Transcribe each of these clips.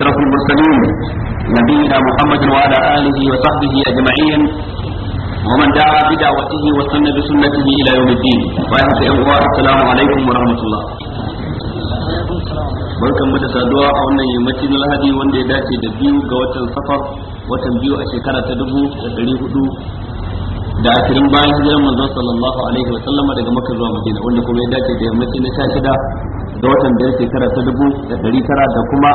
أشرف المرسلين نبينا محمد وعلى آله وصحبه أجمعين ومن دعا بدعوته وسن بسنته إلى يوم الدين وأهل السلام عليكم ورحمة الله barkan mu da saduwa a wannan yammacin lahadi wanda ya dace da biyu ga watan safar watan biyu a shekara ta dubu da dari hudu da ashirin bayan hijirar manzon sallallahu alaihi wa sallama daga makka zuwa madina wanda kuma ya dace da yammacin na sha shida da watan biyar shekara ta dubu da dari tara da kuma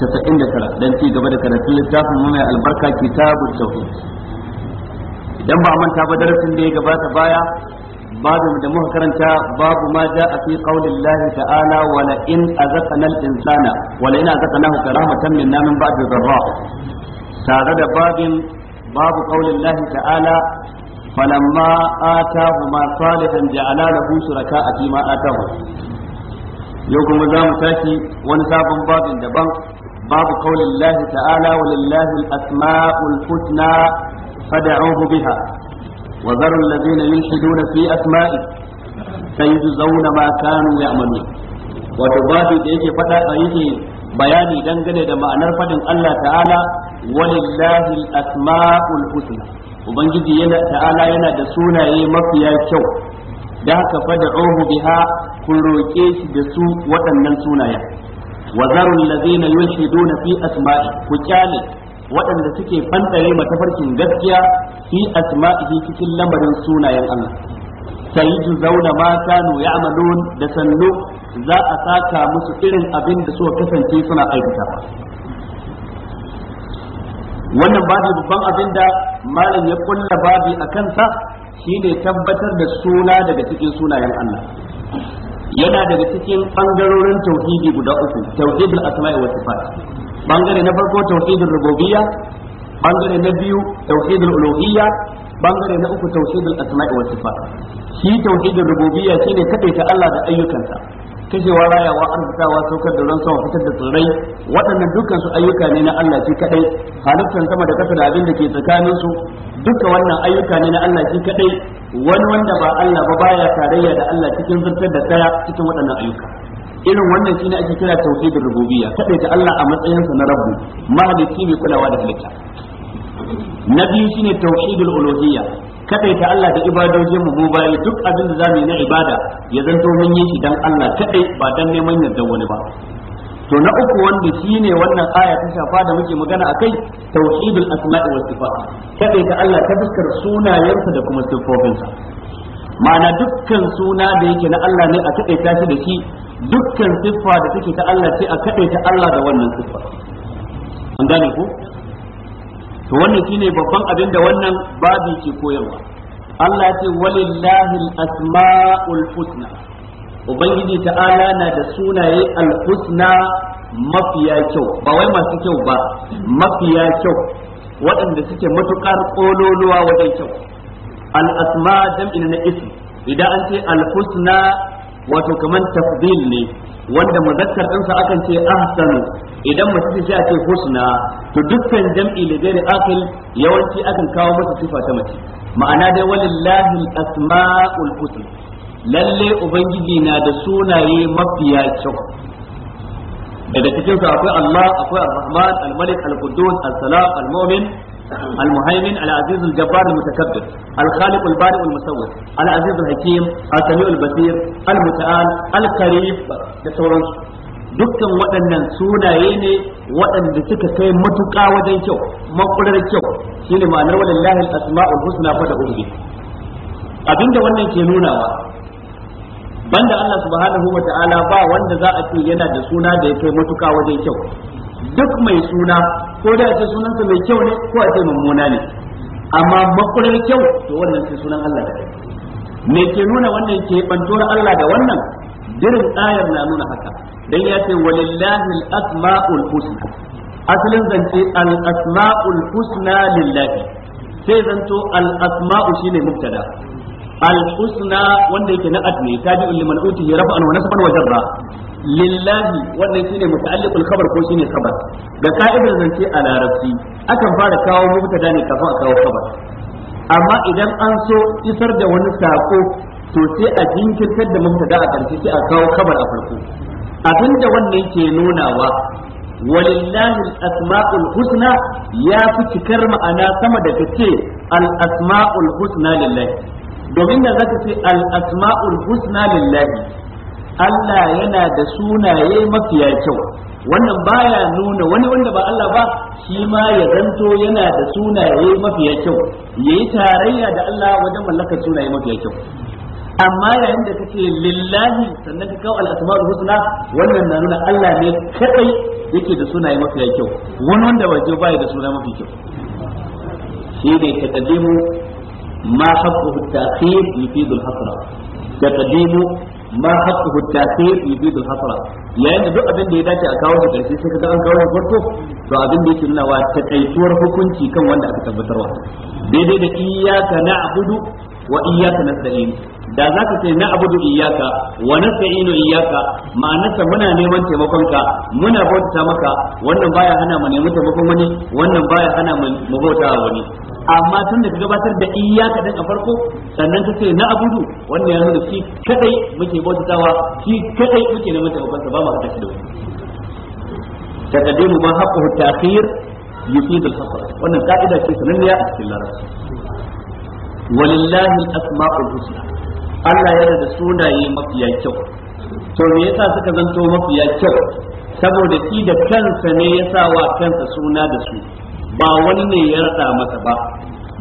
casa'in da tara don ci gaba da karatun littafin mai albarka kitabun tauhid idan ba manta ba darasin da ya gabata baya babu da muka karanta babu ma a fi qaulin lahi ta'ala wala in azaqana al-insana wala in azaqnahu karamatan minna min ba'di dharra tare da babin babu qaulin lahi ta'ala falamma yau kuma tashi wani sabon babin daban باب قول الله تعالى ولله الأسماء الحسنى فدعوه بها وذروا الذين يلحدون في أسمائه سيجزون ما كانوا يعملون وتبادي da yake faɗa a yake bayani dangane da ma'anar faɗin Allah ta'ala walillahi al-asma'ul husna ubangiji ta'ala yana da sunaye mafiya kyau da haka fada biha kun roke shi da su waɗannan sunayen wa zarul do na fi asma'i ku kyale waɗanda suke fantare tafarkin gaskiya fi asma'ihi cikin lamarin sunayen Allah sayyidu zauna mata, kanu da sannu za a saka musu irin abin da suka kasance suna aikata wannan ba babban abin da malam ya kulla babi a kansa shine tabbatar da suna daga cikin sunayen Allah yana daga cikin bangarorin tauhidi guda uku tauhidul asma'i wa sifat bangare na farko tauhidul rububiyya bangare na biyu tauhidul uluhiyya bangare na uku tauhidul asma'i wa sifat shi tauhidul rububiyya shine ta Allah da ayyukansa kashewa rayawa arzikawa saukar da ran sama fitar da tsirrai waɗannan dukkan su ayyuka ne na Allah shi kadai halittar sama da kasa da abin da ke tsakaninsu duka wannan ayyuka ne na Allah shi kadai wani wanda ba Allah ba baya tarayya da Allah cikin zartar da daya cikin waɗannan ayyuka irin wannan shi shine ake kira tauhidin rububiyya kadaita Allah a matsayinsa na rabbu mahalicci mai kulawa da halitta na biyu shine tauhidul uluhiyya kadaita Allah da ibadojin mu bayi duk abin da zamu yi na ibada ya zanto mun yi shi dan Allah kadai ba dan neman yarda wani ba to na uku wanda shine wannan aya ta shafa da muke magana akai tauhidul asma'i was sifat kadai ta Allah ta fuskar sunayensa da kuma sifofinsa ma'ana dukkan suna da yake na Allah ne a ta shi da shi dukkan siffa da take ta Allah ce a kaɗaita Allah da wannan siffa an gane ku to wannan shine babban abin da wannan babi ke koyarwa Allah ya ce walillahi al-asma'ul husna ubangiji ta'ala na da sunaye alhusna mafiya kyau ba wai masu kyau ba mafiya kyau waɗanda suke matukar ƙololuwa wajen kyau al-asma jam'in na ism idan an ce al-husna wato kamar tafdil ne wanda muzakkar ɗinsa akan ce ahsanu idan mace ce sai a ce husna to dukkan jam'i da gairi akil yawanci akan kawo masa sifa ta mace ma'ana dai walillahi al-asma'ul husna lalle ubangiji na da sunaye mafiya kyau daga cikin su akwai Allah akwai Ar-Rahman Al-Malik Al-Quddus As-Salam Al-Mu'min المهيمن al الجبار المتكبر al البارئ المصور العزيز basir, al البصير al القريب da sauransu dukkan waɗannan sunaye ne waɗanda suka kai matuƙa wajen kyau makular kyau shine ma'anar walillahi al-asma'ul husna fa da abinda wannan ke nuna ba. banda Allah subhanahu wa ta'ala ba wanda za a ce yana da suna da ya kai matuka wajen kyau duk mai suna ko da ce sunansa mai kyau ne ko a ce mummuna ne amma makurin kyau to wannan ce sunan Allah da kai me ke nuna wannan ke bantuwar Allah da wannan dirin ayar na nuna haka dan ya ce walillahi al-asma'ul husna asalin zance al-asma'ul husna lillahi sai zanto al-asma'u shine mubtada al-husna wanda yake na adni tabi'un liman utihi rafa'an wa nasban wa jarra lillahi wannan shine muta'alliqul khabar ko shine khabar da ka'idar zance a larabci akan fara kawo mubtada ne kafin a kawo khabar amma idan an so isar da wani sako to sai a jinkirtar da mubtada a karshe sai a kawo khabar a farko abinda wannan ke nunawa walillahi al-asma'ul husna ya fi cikar ma'ana sama da kace al-asma'ul husna lillahi domin da zaka ce al asma'ul husna lillahi Allah yana da sunaye mafiya kyau wannan baya nuna wani wanda ba Allah ba shi ma ya zanto yana da sunaye mafiya kyau yayi tarayya da Allah wajen mallakar sunaye mafiya kyau amma yayin da kake lillahi sannan ka kawo al'asmar husna wannan na nuna Allah ne kadai yake da sunaye mafiya kyau wani wanda ba ba da suna mafi kyau shi ne taqaddimu ما حقه التأخير يفيد الحسرة تقديم ما حقه التأخير يفيد الحسرة yayin da duk abin da ya dace a kawo shi karshe sai kaga an kawo shi farko to abin da yake nuna wa takaituwar hukunci kan wanda aka tabbatarwa daidai da a na'budu wa iyyaka nasta'in da za ka ce na abudu iyaka wa nasta'inu iyaka ma'anarsa muna neman taimakonka, muna bauta maka wannan baya hana mu neman taimakon wani wannan baya hana mu bauta wani amma tun da ka gabatar da iyaka din a farko sannan ka ce na abudu wannan ya nuna shi kadai muke bautatawa shi kadai muke neman taimakon sa ba mu Ka shi da wani taqdimu ma haqqu ta'khir yufid al-hasr wannan ka'ida ce sananniya a cikin larabci walillahi al-asma'ul husna Allah yana da sunaye mafiya kyau to me yasa suka zanto mafiya kyau saboda shi da kansa ne ya sa wa kansa suna da su ba wani ne ya rada masa ba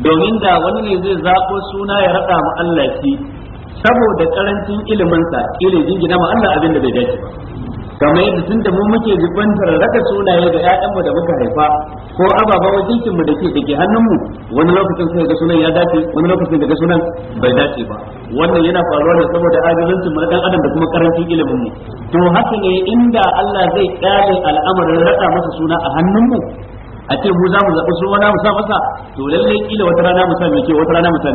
domin da wani ne zai zaɓo suna ya rada ma Allah shi saboda karancin iliminsa ilimin jingina ma Allah abin da bai dace ba kamar yadda tun da mu muke jibantar raka sunaye ga ƴaƴanmu da muka haifa ko ababa wajinkin mu da ke ke hannunmu wani lokacin sai ga sunan ya dace wani lokacin daga sunan bai dace ba wannan yana faruwa ne saboda ajizancin mu dan adam da kuma karancin ilimin mu to haka ne inda Allah zai kare al'amarin raka masa suna a hannunmu a ce mu za mu zaɓi suna mu sa masa to lallai kila wata rana mu sa ke wata rana mu sa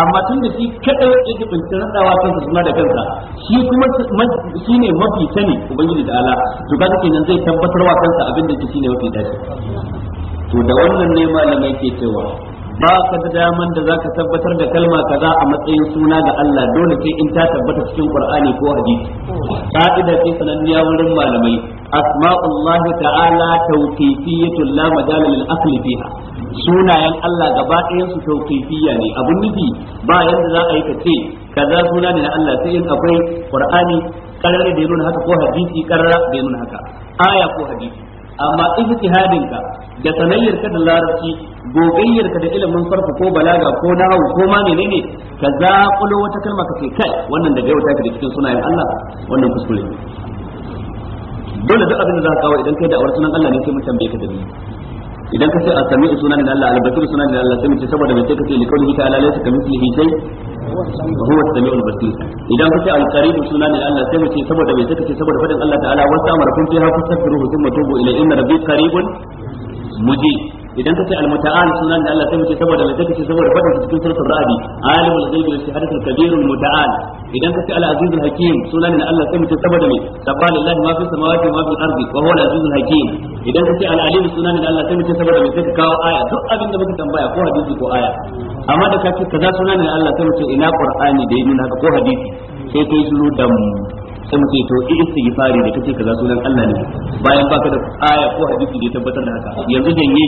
amma tun da shi kaɗai yake bincin raɗawa kansa suna da kansa shi kuma shi ne mafi sani ubangiji da ala to kaga kenan zai tabbatar wa kansa abin da shi ne mafi dace to da wannan ne malamai ke cewa ba ka da daman da zaka tabbatar da kalma kaza a matsayin suna ga Allah dole sai in ta tabbata cikin Ƙur'ani ko hadisi ka'ida ce sananniya wurin malamai asma'ullah ta'ala tawqifiyatun la majala lil aql sunayen Allah gaba ɗayan su tawqifiyya ne abun nufi ba yanda za a yi kace kaza suna ne na Allah sai in akwai qur'ani karara da nuna haka ko hadisi karara da nuna haka aya ko hadisi amma ijtihadin ka da sanayyar ka da larabci gogayyar ka da ilimin farko ko balaga ko nahawu ko ma menene ka zaƙulo wata kalma ka ce kai wannan da yau take da cikin sunayen Allah wannan kuskure dole duk abin da za ka kawo idan kai da awar sunan Allah ne sai mun tambaye ka dalili idan ka ce a sami sunan Allah albasir sunan Allah sai mu ce saboda mai sai ka ce likaulihi ka mutu kamithlihi shay huwa samiul basir idan kace alqaribu sunan Allah sai mu ce saboda me suka ce saboda fadin Allah ta'ala wa sa'amara kun fiha fastaghfiruhu thumma tubu ila na rabbi qaribun mujib idan ka ce al-muta'al sunan da Allah sai muke saboda mai take saboda fadin su cikin suratul ra'd alimul ghaibi wa shahadatul kabirul muta'al idan ka ce al-aziz hakim sunan da Allah sai muke saboda mai tabbalillahi ma fis samawati ma fil ardi wa huwa al hakim idan ka ce al-alim sunan da Allah sai muke saboda mai take kawo aya duk abin da muka tambaya ko hadisi ko aya amma da ka ce kaza sunan da Allah sai muke ina qur'ani da yin haka ko hadisi sai kai shiru da mu sai mu ce to istighfari da kace kaza sunan Allah ne bayan baka da aya ko hadisi da tabbatar da haka yanzu janye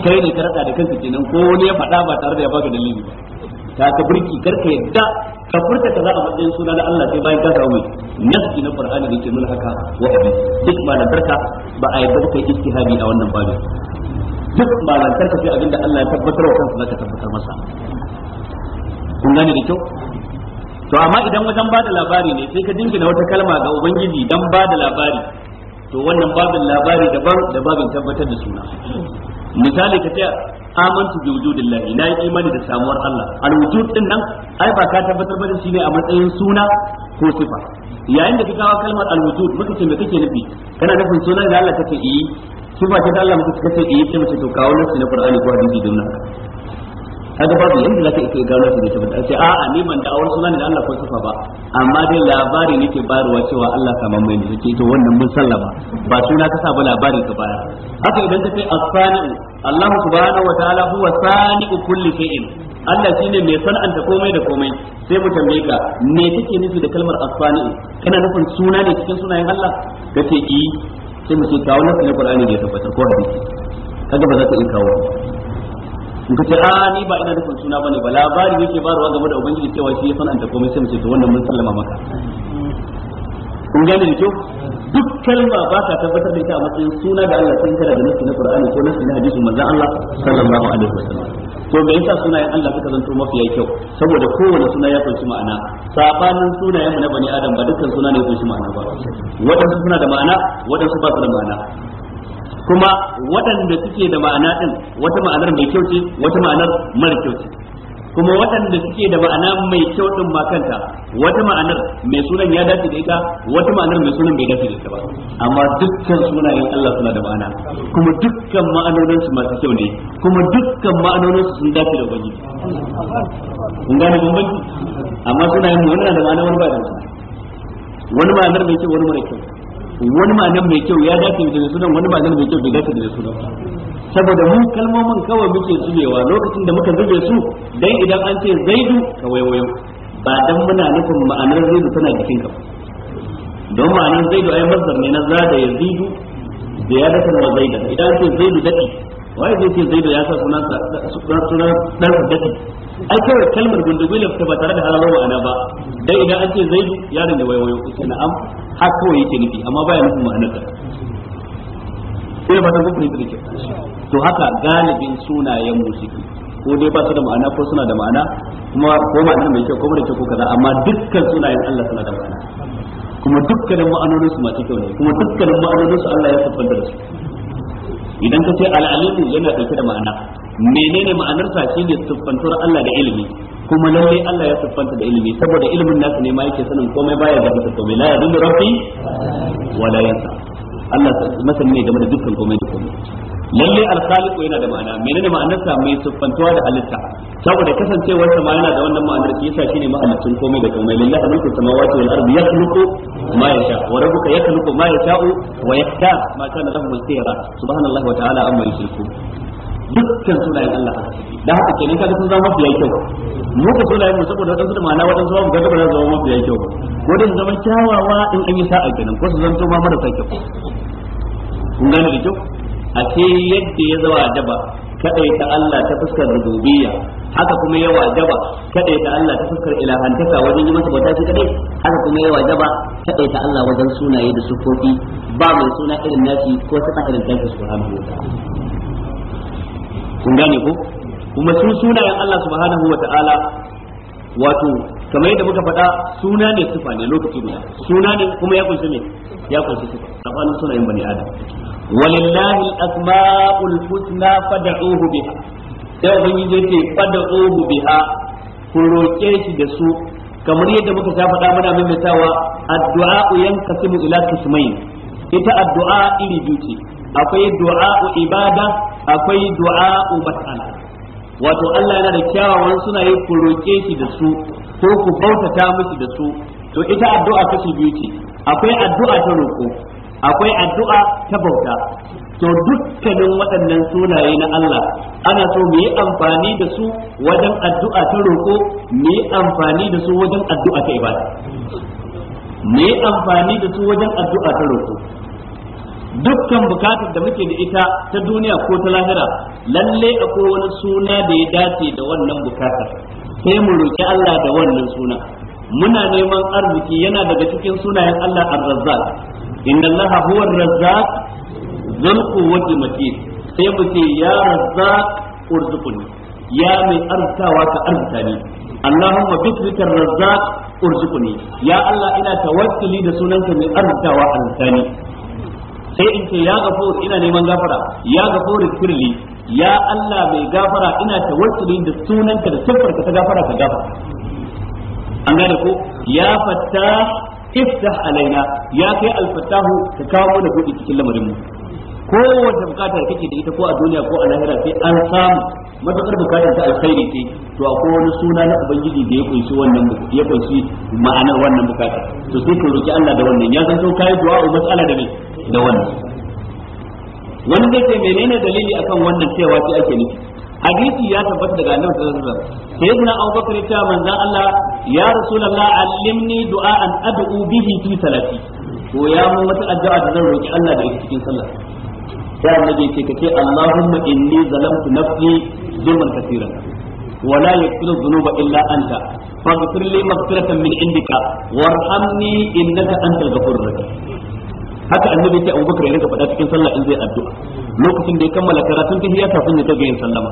kai ne ka rada da kanka kenan ko wani ya faɗa ba tare da ya baka dalili ba ta ka burki karka yadda ka furta za a matsayin suna da Allah sai bayan ka samu nasi na Qur'ani da ke nuna haka wa abi duk malantarka ba a yadda kai istihabi a wannan babin duk malantarka sai abinda Allah ya tabbatar wa kansa zaka tabbatar masa kun gane da kyau to amma idan wajen bada labari ne sai ka dingina wata kalma ga ubangiji dan bada labari to wannan babin labari daban da babin tabbatar da suna misali ka ce amantu bi wujudillahi na yi imani da samuwar Allah al wujud din nan ai ba ka tabbatar ba shi ne a matsayin suna ko sifa yayin da ka ga kalmar al wujud muka ce me kake nufi kana nufin sunan da Allah kace yi sifa ce da Allah muka ce eh sai ce to kawo nan na Qur'ani ko hadisi din nan kaga babu yanda zaka iya gano shi da tabbata sai a a ni ban da awar sunan da Allah ko sifa ba amma dai labari nake bayarwa cewa Allah kaman mai ne sai to wannan mun sallama ba suna ka sa ba labari ka baya haka idan ka ce asani Allah subhanahu wa ta'ala huwa sani'u kulli shay'in Allah shine mai san'anta komai da komai sai mu tambaye ka me kake nufi da kalmar asani kana nufin suna ne cikin sunayen Allah kace yi eh. sai mu ce kawo nasu na Qur'ani da ya tabbatar ko hadisi kaga ba za ka iya kawo ka ce a ah, ni ba ina nufin suna bane ba labari yake ba ruwa game da ubangiji cewa shi ya san sananta komai sai mu ce to wannan mun sallama maka kun gane da kyau duk kalma ba ta tabbatar da ita a matsayin suna da Allah sai kana da nasu na Qur'ani ko nasu na hadisin manzon Allah sallallahu alaihi wasallam to me yasa sunayen Allah suka zanto mafiya kyau saboda kowane suna ya kunshi ma'ana sabanin sunayen mu na bani adam ba dukkan suna ne ya kunshi ma'ana ba wadansu suna da ma'ana wadansu ba su da ma'ana kuma waɗanda suke da ma'ana ɗin, wata ma'anar mai kyau ce wata ma'anar mara kyau ce kuma waɗanda suke da ma'ana mai kyau ɗin ma kanta wata ma'anar mai sunan ya dace da ita wata ma'anar mai sunan bai dace da ita ba amma dukkan sunayen Allah suna da ma'ana kuma dukkan ma'anonin su masu kyau ne kuma dukkan ma'anonin su sun dace da gwaji kun gane bambanci amma sunayen mu wannan da ma'ana wani ba da wani ma'anar mai kyau wani mara kyau wani ma'anar mai kyau ya dace da sunan wani ma'anar mai kyau bai dace da sunan saboda mu kalmomin kawai muke zubewa lokacin da muka zube su dan idan an ce zaidu ka wayo ba dan muna nufin ma'anar zaidu tana cikin ka don ma'anar zaidu ai mazhar ne na zada ya zidu da ya dace da zaidu idan an ce zaidu dadi wai zai ce zaidu ya sa sunan sunan dan dadi ai kawai kalmar gundugulin ta ba tare da halalo ma'ana ba dai idan an ce zai yaron da wayo ita na'am har kawai yake nufi amma baya nufin ma'anar ta sai ba ta gufuri da ke to haka galibin sunayen musiki ko dai ba su da ma'ana ko suna da ma'ana kuma ko ma'ana mai kyau ko mara kyau ko kaza amma dukkan sunayen Allah suna da ma'ana kuma dukkanin ma'anonin su masu kyau ne kuma dukkanin ma'anonin su Allah ya siffanta da su idan ka ce al'alimu yana ɗauke da ma'ana menene ma'anar sa shine siffantuwar Allah da ilimi kuma lalle Allah ya siffanta da ilimi saboda ilimin nasu ne ma yake sanin komai baya da komai la yadullu rabbi wala yansa Allah masani ne game da dukkan komai lalle al-khaliq yana da ma'ana menene sa mai siffantuwa da halitta saboda kasancewar sa yana da wannan ma'anar shi yasa shine ma'anarcin komai da komai lillahi mulku samawati wal ardi yakhluqu ma yasha wa rabbuka yakhluqu ma yasha wa yakta ma kana lahu al-khayra subhanallahi wa ta'ala amma yushriku dukkan sunayen Allah da haka kenan kaga sun zama mafiya kyau mu ka sunayen mu saboda wadansu da ma'ana wadansu mu ga ba za zama mafiya kyau ba ko dai zama kyawawa in an yi sa'a kenan ko su zanto ma marasa kyau kun gane da kyau a ce yadda ya zawa daba kadai ta Allah ta fuskar rububiyya haka kuma ya wajaba kadai ta Allah ta fuskar ilahantaka wajen yi masa bauta shi kadai haka kuma ya wajaba kadai ta Allah wajen sunaye da sufofi ba mai suna irin nashi ko ta irin tashi subhanahu wa ta'ala kun gane ko kuma su sunayen Allah subhanahu wa ta'ala wato kamar yadda muka faɗa suna ne sufa ne lokaci guda suna ne kuma ya kunshi ne ya kunshi sifa suna sunayen bani adam walillahi asmaul husna fad'uhu biha sai zai yace fad'uhu biha ku roke shi da su kamar yadda muka sha faɗa muna maimaitawa addu'a yankasimu ila qismayn ita addu'a iri biyu ce akwai du'a ibada akwai du'a mas'ala wato Allah yana da kyawawan sunaye ku roke shi da su ko ku bautata miki da su to ita addu'a kashi biyu ce akwai addu'a ta roƙo akwai addu'a ta bauta to dukkanin waɗannan sunaye na Allah ana so mu yi amfani da su wajen addu'a ta roƙo mu yi amfani da su wajen addu'a ta ibada mu yi amfani da su wajen addu'a ta roƙo dukkan bukatar da muke da ita ta duniya ko ta lahira lalle akwai wani suna da ya dace da wannan bukatar sai mu roƙi Allah da wannan suna muna neman arziki yana daga cikin sunayen Allah ar-razzaq inna Allah huwa ar-razzaq zul quwwati matin sai mu ce ya razzaq urzuqni ya mai arzikawa ka arzika ni Allahumma ar razzaq urzuqni ya Allah ina tawakkali da sunanka mai arzikawa arzika ni sai in ce ya gafur ina neman gafara ya gafur kirli ya Allah mai gafara ina tawakkali da sunanka da sifarka ta gafara ka gafara an gane ko ya fata iftah alaina ya kai alfatahu ka kawo mana buɗe cikin lamarin mu Ko wanda bukata kake da ita ko a duniya ko a lahira sai an samu matukar bukatar ta alkhairi ce to akwai wani suna na ubangiji da ya kunshi wannan ya kunshi ma'anar wannan bukata to sai ka roki Allah da wannan ya san to kai du'a ko matsala da ne da wannan wani zai ce menene dalili akan wannan cewa sai ake nufi hadisi ya tabbata daga annabi sallallahu alaihi wasallam sayyidina Abu Bakar ya manzon Allah ya rasulullah allimni du'an ad'u bihi fi salati ko ya mun wata addu'a da zan roki Allah da ita cikin sallah sai annabi ce kace Allahumma inni zalamtu nafsi zulman kaseeran ولا يغفر الذنوب الا انت فاغفر لي مغفرة من عندك وارحمني انك انت الغفور الرحيم haka annabi ya Abu Bakar ya rika faɗa cikin sallah in zai addu'a lokacin da ya kammala karatun tahiyya kafin ya toge sallama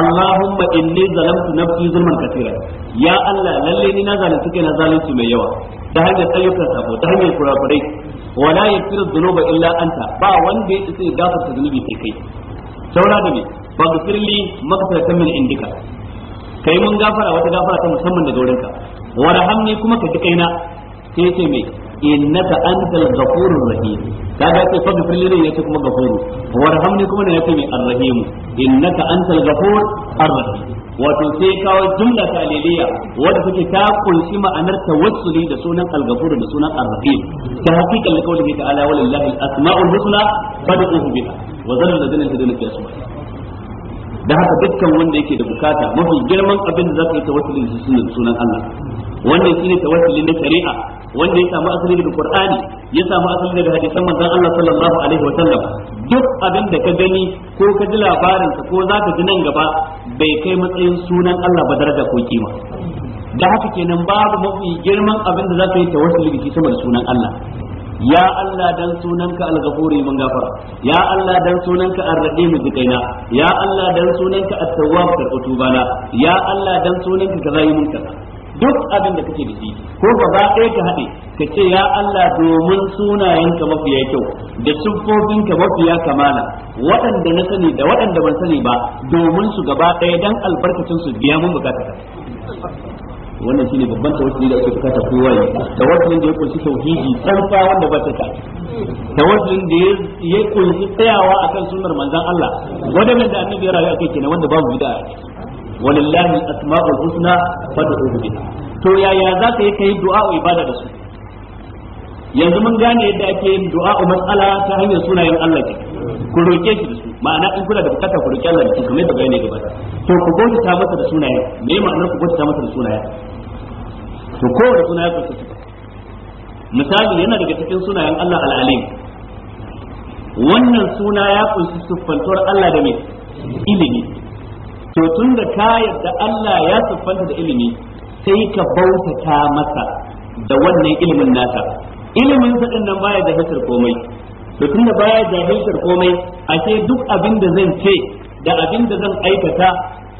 Allahumma inni zalamtu nafsi zulman katira ya Allah lalle ni na zalunci kai na zalunci mai yawa ta hanyar ayyukan sabo ta hanyar kurakurai wala yaghfiru dhunuba illa anta ba wanda ya tsaye gafarta zunubi sai kai saura da ba fa gfirli maghfiratan min indika kai mun gafara wata gafara ta musamman daga wurinka warhamni kuma ka ji kaina sai ce me innaka antal ghafurur rahim kaga ce fa gafir lini yace kuma ghafuru rahamni kuma ne yace mai arrahim innaka antal ghafur arrahim wato sai kawo jumla ta aliliya wanda take ta kunshi ma'anar tawassuli da sunan al-ghafur da sunan ar ta hakikan da kawai ta'ala walillahi al-asma'ul husna fad'uhu biha wa zalil ladina tadunna fi asma'i da haka dukkan wanda yake da bukata mafi girman abin da zaka yi tawassuli da sunan Allah wannan shine tawassuli na shari'a wanda ya samu asali daga Qur'ani ya samu asali daga hadisan manzon Allah sallallahu alaihi wa sallam duk abin da ka gani ko ka ji labarin ko zaka ji nan gaba bai kai matsayin sunan Allah ba daraja ko kima da haka kenan babu mafi girman abin da zaka yi tawassuli da sunan Allah ya Allah dan sunanka al-ghafuri mun gafara ya Allah dan sunanka ar-rahim zikaina ya Allah dan sunanka at-tawwab karɓutubana ya Allah dan sunanka kaza mun kaza duk abin da kake da shi ko gaba ɗaya ka haɗe ka ce ya Allah domin sunayenka mafiya kyau da ka mafiya kamala waɗanda na sani da waɗanda ban sani ba domin su gaba ɗaya dan albarkacin su biya mun bukata wannan shine babban tawassuli da ake bukata kowa ya tawassuli da ya kunshi tauhidi tsantsa wanda ba ta kai tawassulin da ya kunshi tsayawa akan sunnar manzon Allah wadannan da annabi ya rayu akai kenan wanda babu bid'a walillahi asma'ul husna fad'u biha to yaya za ka yi kai du'a ibada da su yanzu mun gane yadda ake yin du'a mas'ala ta hanyar sunayen Allah ke ku roke shi da su ma'ana in kuna da bukata ku roke Allah ne kuma kamar da bayani gaba to ku ta masa da sunayen me ma'anar ku ta masa da sunaye to kowane suna ya kunshi sifa misali yana daga cikin sunayen Allah al wannan suna ya kunshi siffantuwar Allah da mai ilimi to tun da ka yarda Allah ya siffanta da ilimi sai ka bautata masa da wannan ilimin nasa ilimin sa din nan baya da komai to tun da baya da komai ashe duk abin da zan ce da abin da zan aikata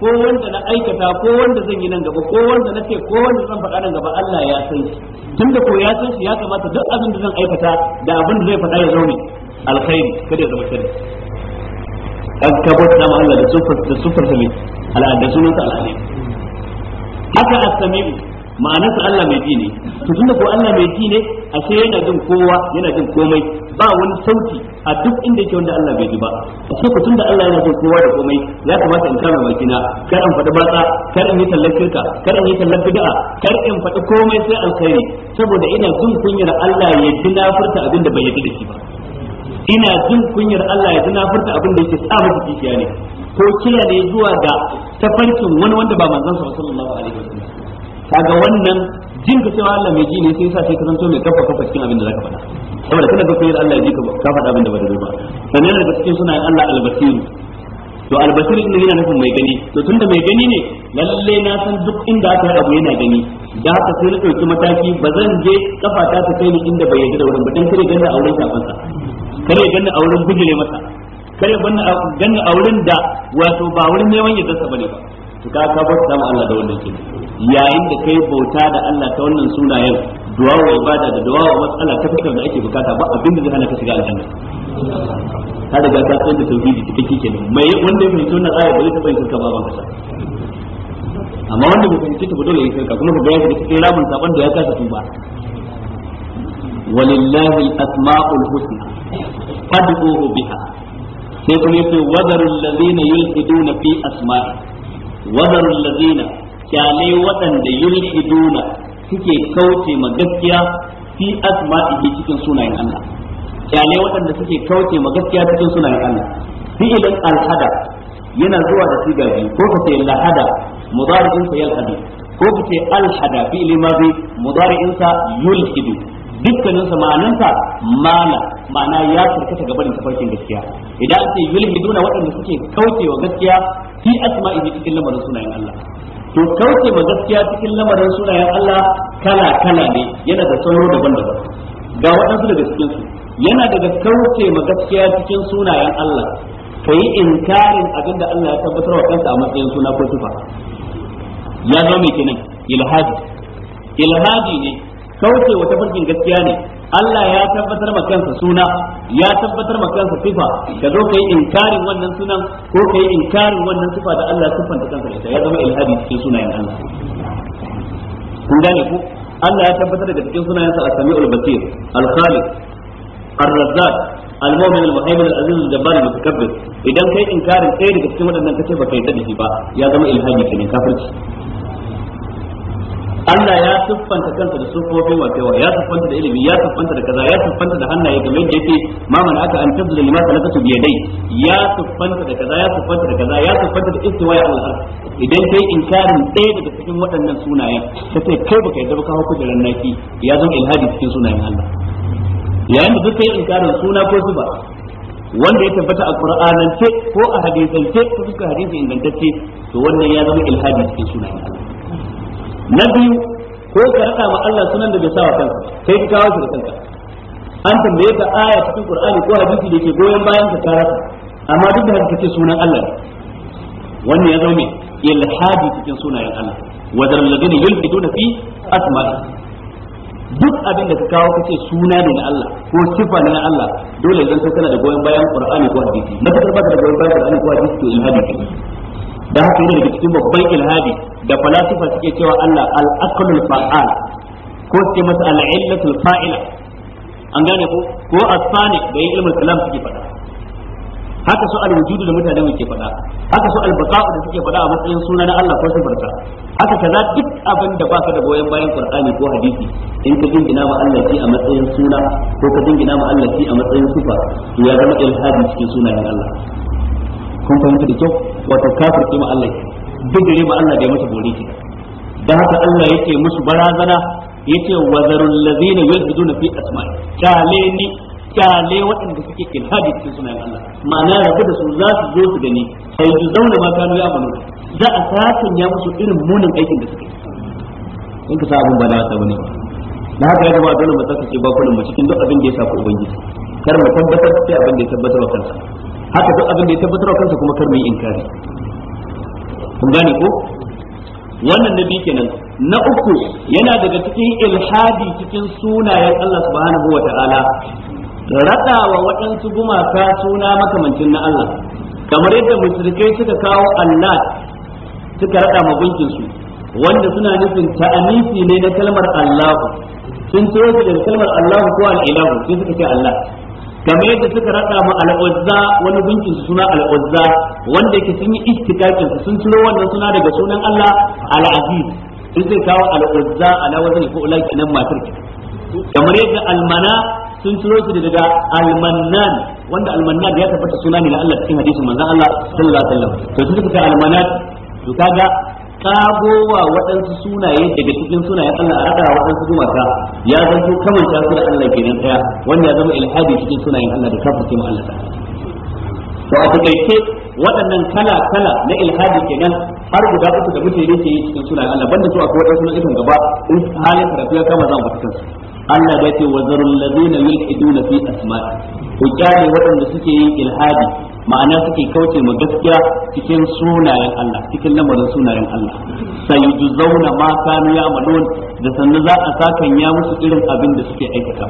ko wanda na aikata ko wanda zan yi nan gaba ko wanda na ce ko wanda zan faɗa nan gaba Allah ya san shi tunda ko ya san shi ya kamata duk abin da zan aikata da abin da zai faɗa ya zaune alkhairi kada ya zama shari kan kabot da Allah da sufar da sufar da al'adun sunan sa al'alim haka as-sami'u ma'anarsa Allah mai ji ne to tunda ko Allah mai ji ne ashe yana jin kowa yana jin komai ba wani sauti a duk inda yake wanda Allah bai ji ba A ashe ko tunda Allah yana jin kowa da komai ya kamata in kama makina kar in faɗi batsa kar in yi tallar shirka kar in yi tallar bid'a kar in faɗi komai sai alkhairi saboda ina jin kunyar Allah ya ji na furta abin da bai yi da shi ba ina jin kunyar Allah ya ji na furta abin da yake sa masa kishiya ne ko kira ne zuwa ga tafarkin wani wanda ba manzon sallallahu alaihi wasallam kaga wannan jin ka cewa Allah mai ji ne sai yasa sai ka zanto mai kafa kafa cikin abin da zaka faɗa saboda kana ga koyar Allah ya ji ka faɗa abin da ba da ba sannan da cikin suna Allah albasir to albasir din yana nufin mai gani to tunda mai gani ne lalle na san duk inda aka yi abu yana gani da haka sai na ɗauki mataki ba zan je kafa ta ta kai ni inda bai yaji da wurin ba dan kare ganna a wurin kafansa kare ganna a wurin bijire masa kare ganna a wurin da wato ba wurin neman sa bane ba to ka ka bauta Allah da wannan ke yayin da kai bauta da Allah ta wannan sunayen du'a wa ibada da du'a wa matsala ta fuskar da ake bukata ba abin da zai hana ka shiga aljanna ka riga ka tsaya da tauhidi cikakke kenan mai wanda ya fahimci wannan ayar ba zai taba yin shirka ba ban kasa amma wanda bai fahimci ta ba dole ya shirka kuma ka ga da cikin ramin saban da ya kasa tuba walillahi al-asma'ul husna fad'uhu biha sai kuma yace wadharul ladina yulhiduna fi asma'i wadarul ladina kyale waɗanda yulhiduna suke kauce ma gaskiya fi asma'ihi cikin sunayen Allah kyale waɗanda suke kauce ma gaskiya cikin sunayen Allah fi fi'ilin alhada yana zuwa da siga biyu ko ka ce lahada mudari'in sa yalhadu ko ka ce alhada fi'il madi mudari'in sa yulhidu dukkanin sa sa mala ma'ana ya karkata gaban tafarkin gaskiya idan ake yulhiduna waɗanda suke kaucewa gaskiya fi bi cikin lamarin sunayen Allah to kauce ma gaskiya cikin lamarin sunayen Allah kala kala ne yana da sauro daban-daban ga waɗansu daga cikin su yana daga kauce ma gaskiya cikin sunayen Allah kai inkarin abin da Allah ya tabbatar wa kansa a matsayin suna ko sifa ya zo mai kenan ilhadi ilhadi ne kauce wata farkin gaskiya ne Allah ya tabbatar ma kansa suna ya tabbatar ma kansa sifa ka zo kai inkarin wannan sunan ko kai inkarin wannan sifa da Allah siffanta kansa da ita ya zama ilhadi cikin sunayen Allah kun gane ku Allah ya tabbatar da cikin sunayensa as-sami'ul basir al-khaliq ar-razzaq al-mu'min al-muhaymin al-aziz al-jabbar al-mutakabbir idan kai inkarin ɗaya daga cikin waɗannan kace baka yarda da shi ba ya zama ilhadi kenan kafirci Allah ya siffanta kansa da sufofin wakewa ya siffanta da ilimi ya siffanta da kaza ya siffanta da hannaye game da yake maman aka an tabbata lima kana kasu biye dai ya siffanta da kaza ya siffanta da kaza ya siffanta da istiwa ya Allah idan kai inkarin ɗaya daga cikin waɗannan sunayen sai kai baka yadda ba ka hukunta ran naki ya zama ilhadi cikin sunayen Allah yayin da duk kai inkarin suna ko zuba, wanda ya tabbata a qur'anance ko a hadisance ko duka hadisi ingantacce to wannan ya zama ilhadi cikin sunayen Allah na biyu ko ka rada ma Allah sunan da bai sawa kanka kai ka kawo shi da kanka an tambaye ka aya cikin Qur'ani ko hadisi da ke goyon bayan ka ka rasa amma duk da haka kace sunan Allah wannan ya zama ilhadi cikin sunayen Allah wa dar ladina yulhiduna fi asma'i duk abin da ka kawo kace suna ne na Allah ko sifa ne na Allah dole zan so kana da goyon bayan Qur'ani ko hadisi na fitar baka da goyon bayan Qur'ani ko hadisi to ilhadi da haka yana daga cikin babban ilhadi da falasifa suke cewa Allah al-aqlul fa'al ko suke masa al-illatul fa'ila an gane ko ko asani da yin ilmul kalam suke faɗa haka su al-wujudu da mutanen ke faɗa haka su al-baqa'u da suke faɗa a matsayin suna na Allah ko sifarsa haka kaza duk abin da baka da goyen bayan Qur'ani ko hadisi in ka dingina ma Allah shi a matsayin suna ko ka dingina ma Allah shi a matsayin sifa to ya zama ilhadi cikin sunayen Allah kun fahimta da kyau wato kafir ma Allah duk da ma Allah da ya mata bore ki da haka Allah yake musu barazana yace wazarul ladina yulhiduna fi asma'i kyale ni kyale waɗanda suke kilhadi cikin sunan Allah ma'ana rabu da su za su zo su gani sai su zauna ma kanu ya amanu za a sakin ya musu irin munin aikin da suke in ka sa abun ba da bane da haka ya gaba dole mu tsaka ce ba kullum mu cikin duk abin da ya shafi ubangiji kar mu tabbatar sai abin da ya tabbatar wa kansa haka duk abin da ya tabbatar kansa kuma kar mu inkari kun gane ko wannan nabi kenan na uku yana daga cikin ilhadi cikin sunayen Allah subhanahu wata'ala rada wa waɗansu gumaka suna makamancin na Allah kamar yadda musulkai suka kawo Allah suka rada ma su wanda suna nufin ta'anifi ne na kalmar Allahu sun ce daga kalmar Allahu ko al-ilahu sai suka ce Allah kamar yadda suka rada ma al'uzza wani gunkin su suna al'uzza wanda yake sun yi istikakin sun ciro wannan suna daga sunan Allah al-aziz sun zai kawo al'uzza ala wazani ko ulai nan matar kamar yadda almana sun ciro su daga almannan wanda almannan ya tabbata suna ne na Allah cikin hadisin manzon Allah sallallahu alaihi wasallam to sun suka almanat to kaga tsagowa waɗansu sunaye daga cikin sunayen Allah a raɗa waɗansu gumaka ya zanto kamar ta su da Allah kenan ɗaya wanda ya zama ilhadi cikin sunayen Allah da kafirce mu Allah to a takaice waɗannan kala kala na ilhadi kenan har guda uku da mutane ke yi cikin sunayen Allah banda su akwai waɗansu na ikon gaba in halin karatu ya kama zan fata Allah ya ce wa zarul ladina yulhiduna fi asma'i ku kyale waɗanda suke yin ilhadi ma'ana suke kauce ma gaskiya cikin sunayen Allah cikin lamarin sunayen Allah sai zauna ma kanu ya malon da sannu za a sakan ya musu irin abin da suke aikata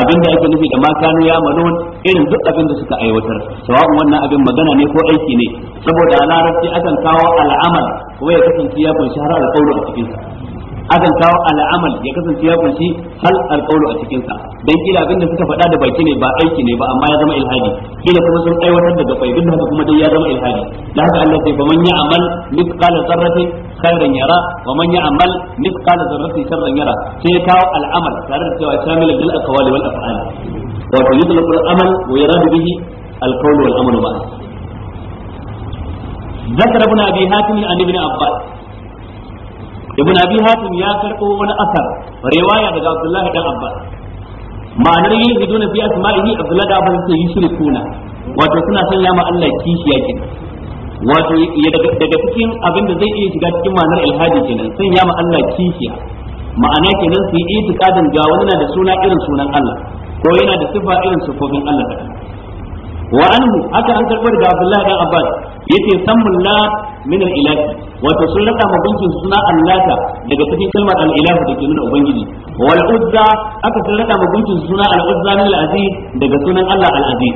abin da ake nufi da ma kanu ya malon irin duk abin da suka aiwatar sawa'un wannan abin magana ne ko aiki ne saboda a larabci akan kawo al'amal ko ya kasance ya kunshi har alƙawari a cikinsa akan al'amal ya kasance ya kunshi hal alqawlu a cikin sa dan kila abinda suka faɗa da baki ne ba aiki ne ba amma ya zama ilhadi kila kuma sun aiwatar da gafai duk haka kuma dai ya zama ilhadi da haka Allah sai faman ya amal mithqala zarratin khairan yara wa man ya amal mithqala zarratin sharran yara sai ya kawo al'amal tare da cewa shamilul bil aqwali wal af'al wato yutlaqu al-amal wa yuradu bihi al-qawlu wal amalu ma'a ذكر ابن ابي هاتم عن ابن عباس ibn abi hatim ya karɓo wani asar riwaya daga abdullahi dan abbas ma'anar yin hiduna fi asma'ihi abdullahi da abbas sai yushrikuna wato suna sanya ma Allah kishiya kenan wato daga cikin abin da zai iya shiga cikin ma'anar Alhaji kenan ya ma Allah kishiya ma'ana kenan su yi itikadin ga wani na da suna irin sunan Allah ko yana da sifa irin sifofin Allah da wa anhu haka an karɓar da Abdullahi dan Abbas yace sammul min al-ilahi wato sun rada ma gunkin suna allata daga cikin kalmar al da ke nuna ubangiji wal uzza aka sun rada ma gunkin suna al-uzza daga sunan Allah al-aziz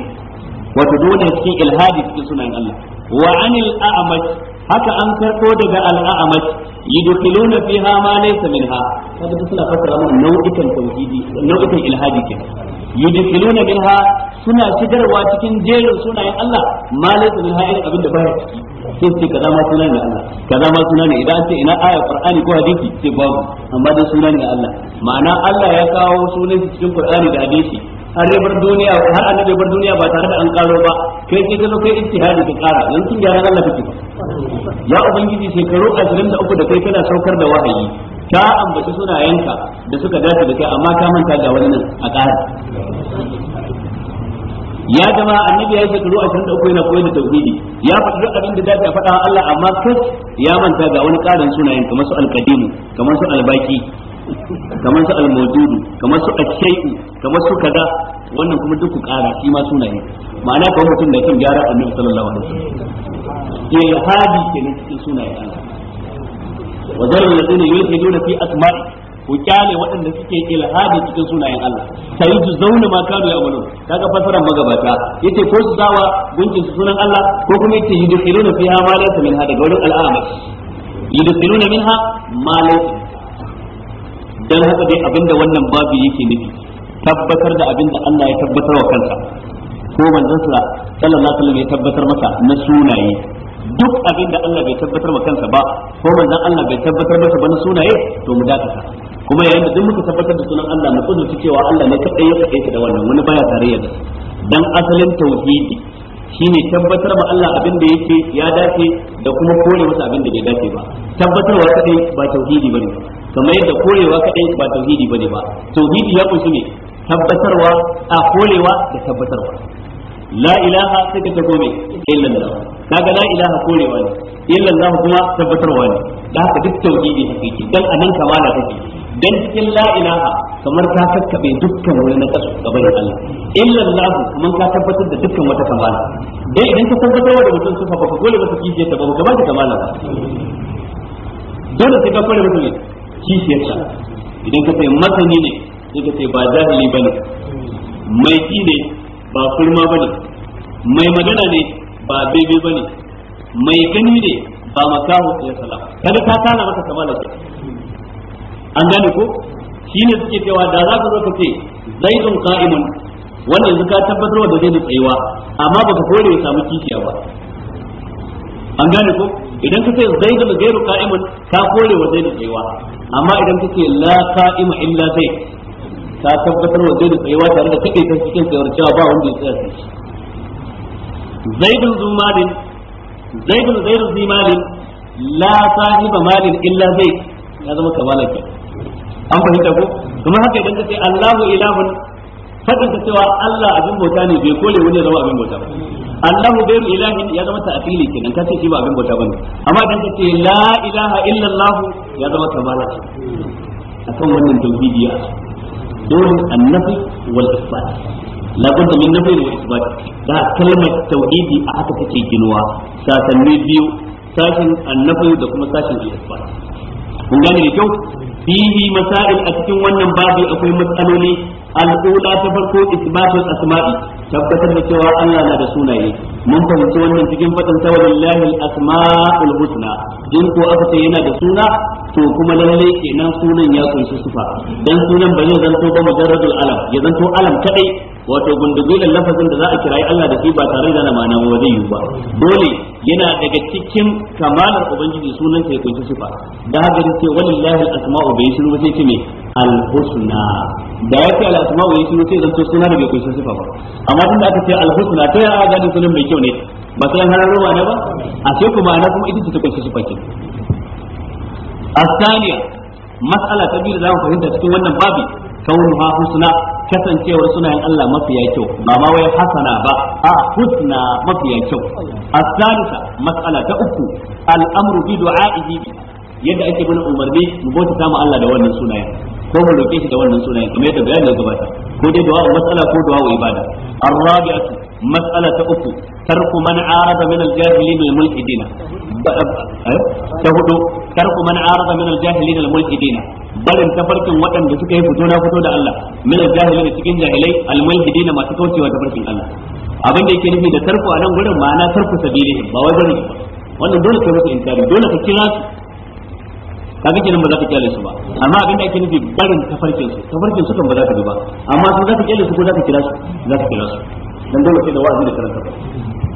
wato duk cikin ilhadi cikin sunan Allah wa anil a'maj haka an karko daga al-a'maj yudkhiluna ma laysa minha kaga suna nau'ikan nau'ikan ilhadi kenan yudkhiluna minha suna shigarwa cikin jerin sunayen Allah ma laysa minha irin abin da baya ciki sai ce kaza ma suna ne Allah kaza ma suna ne idan ce ina aya qur'ani ko hadisi sai babu amma da suna ne Allah ma'ana Allah ya kawo sunan cikin qur'ani da hadisi har ya bar duniya har annabi bar duniya ba tare da an karo ba kai sai ka zo kai ijtihadi ka kara dan kin gyaran Allah kake ya ubangiji shekaru 23 da kai kana saukar da wahayi ka ambaci sunayenka da suka dace da kai amma ka manta da wani nan a ƙara ya zama annabi ya yi shekaru 23 yana koyar da tauhidi ya faɗi duk abin da dace a faɗa Allah amma kai ya manta ga wani ƙarin sunayen kamar su alƙadimu kamar su albaki kamar su almawdudu kamar su ashay'u kamar su kaza wannan kuma duk ku ƙara shi ma sunaye ma'ana kawai mutum da kan gyara annabi sallallahu alaihi wasallam ke kenan cikin sunayen Allah wa zarar ladina yulhiduna fi asma'i ku kyale waɗanda suke ilhadi cikin sunayen Allah sai ju zauna ma kanu ya amalu kaga fasaran magabata yace ko su dawa gunkin sunan Allah ko kuma yace yudkhiluna fiha ma min minha daga wurin al'amash yudkhiluna minha ma laysa dan haka dai abinda wannan babu yake nufi tabbatar da abinda Allah ya tabbatar wa kansa ko manzon sa sallallahu alaihi wasallam ya tabbatar masa na sunaye duk abin da Allah bai tabbatar wa kansa ba ko manzon Allah bai tabbatar masa ba sunaye to mu dakata kuma yayin da duk muka tabbatar da sunan Allah mu kudurci cewa Allah ne kadai ya kadai da wannan wani baya tarayya da dan asalin tauhidi shine tabbatar ma Allah abin da yake ya dace da kuma kore masa abin da bai dace ba tabbatarwa kadai ba tauhidi bane kamar yadda korewa kadai ba tauhidi bane ba tauhidi ya kunshi ne tabbatarwa a korewa da tabbatarwa la ilaha sai ka tago mai Allah kaga la ilaha korewa ne Allah kuma tabbatarwa ne da haka duk tauhidi hakiki dan anan kamala take dan cikin la ilaha kamar ka kakkabe dukkan wani na kasu gaban Allah Allah kuma ka tabbatar da dukkan wata kamala dan idan ka tabbatar da mutum sufa ba dole ba ka kije ta ba gaba da kamala ba dole sai ka kore mutum ne ta. idan ka sai masani ne sai ka sai ba jahili bane mai ne ba kurma bane mai magana ne ba bebe ba ne, mai gani ne ba makahu ya salam kada ta tana maka kamala ce an gane ko shine suke cewa da za ka zo ka ce zaidun qa'imun wannan yanzu ka tabbatar da zaidu tsayuwa amma baka kore ya samu kishiya ba an gane ko idan ka ce zaidun gairu qa'imun ka kore wa zaidu tsayuwa amma idan ka ce la qa'ima illa zaid ka tabbatar wa zaidu tsayewa tare da take ta cikin tsayawar cewa ba wanda ya tsaya sai shi zaidun zumalin zaidun zaidun zimalin la sahiba malin illa zai ya zama kamala ke an fahimta ko kuma haka idan ka ce Allahu ilahun fadin ka cewa Allah abin bauta ne bai kore wani zama abin bauta ba Allahu ghairu ilahin ya zama ta'tili kenan ka ce shi ba abin bauta bane amma idan ka ce la ilaha illa ya zama kamala ce akan wannan tauhidi ya dole annabi wal isbat la budda min nafi wal isbat da kalmar tauhidi a haka take ginuwa sasanni biyu sashin annabi da kuma sashin isbat kun gane da kyau fihi masail a cikin wannan babi akwai matsaloli al'ula ta farko isbatul asma'i tabbatar da cewa Allah na da sunaye mun fahimci wannan cikin fadin tawallahi asma'ul husna din ko aka ce yana da suna to kuma lalle kenan sunan ya kunshi sufa dan sunan ba zai zanto ba mujarradul alam ya zanto alam kadai wato gundugulan lafazin da za a kirayi Allah da shi ba tare da ma'ana ba zai yiwu ba dole yana daga cikin kamalar ubangiji sunan sai kunshi sifa da haka da ce walillahi al-asma'u bai shiru ba sai ce me al-husna da yake al-asma'u bai shiru sai zanto suna da bai kunshi sifa ba amma tun da aka ce al-husna ta ya ga da sunan mai kyau ne ba sai har roba ne ba a ce kuma ana kuma ita ce ta kunshi sifa ke asaniya mas'ala ta biyu da za mu fahimta cikin wannan babi kaunuha husna kasancewar sunayen Allah mafiya kyau ba ma wai hasana ba a husna mafiya kyau asalisa matsala ta uku al'amru bi du'a'ihi yadda ake bin umarni mu bauta ma Allah da wannan sunayen ko mu roke shi da wannan sunayen kamar yadda bayani ya gabata ko dai du'a mas'ala ko du'a wa ibada arabiatu matsala ta uku tarku man arada min al-jahilin wal mulkidina eh, ta hudu tarku man arada min al-jahilin al-mulhidin barin tafarkin waɗanda suka yi fito na fito da Allah min al-jahilin cikin jahilai al-mulhidin masu kaucewa tafarkin Allah abin da yake nufi da tarku a nan gurin ma'ana tarku sabili ba wai gurin wannan dole kai musu inkari dole ka kira su ga kenan ba za ka kyale su ba amma abin da ake nufi barin tafarkin su tafarkin su kan ba za ka bi ba amma su za ka kyale su ko za ka kira su za ka kira su dan dole sai da wa'azi da karanta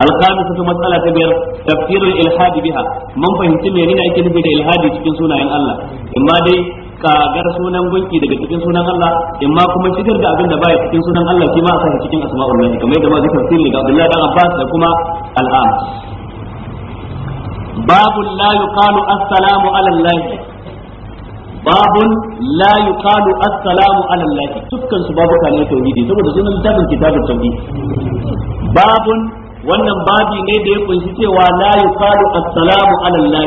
الخامسة مسألة تبير تفسير الإلحاد بها من فهمت منين أيك نفيد الإلحاد cikin sunayen Allah imma dai kagar sunan gunki daga cikin sunan Allah ma kuma shigar da abin da baya cikin sunan Allah shi ma a cikin asma'ul lahi kamar yadda ma zikr dan Abbas da kuma al'am babun la yuqalu assalamu ala Allah babun la yuqalu assalamu ala Allah dukkan su babuka ne tauhidi saboda sunan kitabun kitabul tauhid babun wannan babi ne da ya kunshi cewa la yuqalu assalamu ala allah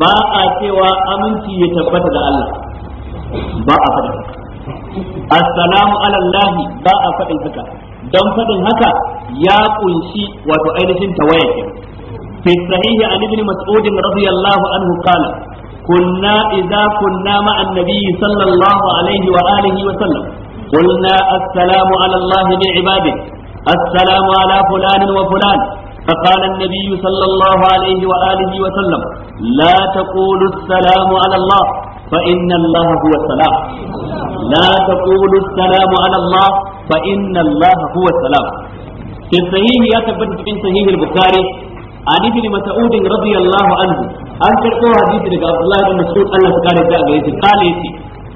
ba a cewa aminci ya tabbata da Allah ba a faɗin assalamu ala allah ba a faɗin haka don faɗin haka ya kunshi wato ainihin tawaya ke fi sahihi an ibn mas'ud radiyallahu anhu qala kunna idza kunna ma'a an-nabi sallallahu alaihi wa alihi wa sallam قلنا السلام على الله بعباده السلام على فلان وفلان فقال النبي صلى الله عليه وآله وسلم لا تقولوا السلام على الله فإن الله هو السلام لا تقولوا السلام على الله فإن الله هو السلام في الصحيح يثبت في صحيح البخاري عن ابن مسعود رضي الله عنه أن تقول حديث عبد الله بن مسعود أن قال قال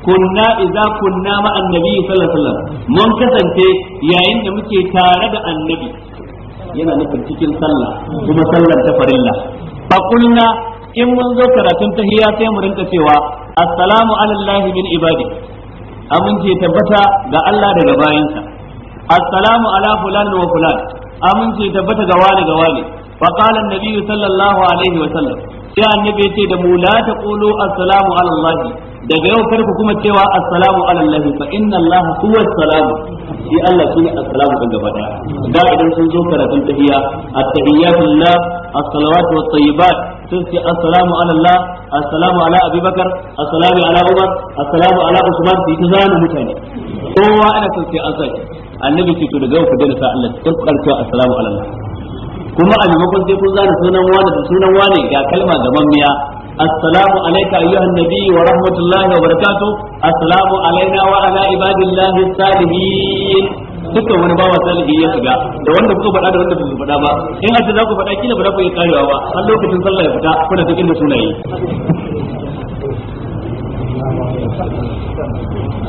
kunna idza kunna ma annabi sallallahu alaihi wasallam mun kasance yayin da muke tare da annabi yana nufin cikin sallah kuma sallar ta farilla fa kunna in mun zo karatun tahiyya sai mu rinka cewa assalamu alallahi allahi min ibadi amince tabbata ga Allah daga bayinsa assalamu ala fulan wa fulan amince tabbata ga wani ga wani fa qala annabi sallallahu alaihi wasallam sai annabi ce da mu la taqulu assalamu alallahi. daga yau karku kuma cewa assalamu ala allah fa inna allah huwa assalam shi allah shine assalamu kan gaba daya da idan sun zo karatun tahiyya at-tahiyyatullah as-salawatu wat-tayyibat sun ce assalamu ala allah assalamu ala abubakar assalamu ala umar assalamu ala usman su yi ta zana mutane kowa ana son sai an sake annabi ce to daga yau ku daina sa allah kar ku karanta assalamu ala allah kuma a maimakon sai kun zana sunan wani da sunan wani ga kalma gaban miya السلام عليك أيها النبي ورحمة الله وبركاته السلام علينا وعلى عباد الله الصالحين dukkan wani bawa salihi ya shiga da wanda kuka faɗa da wanda ba faɗa ba in an za ku faɗa kila ba za ku yi karewa ba har lokacin sallah ya fita kuna cikin da sunaye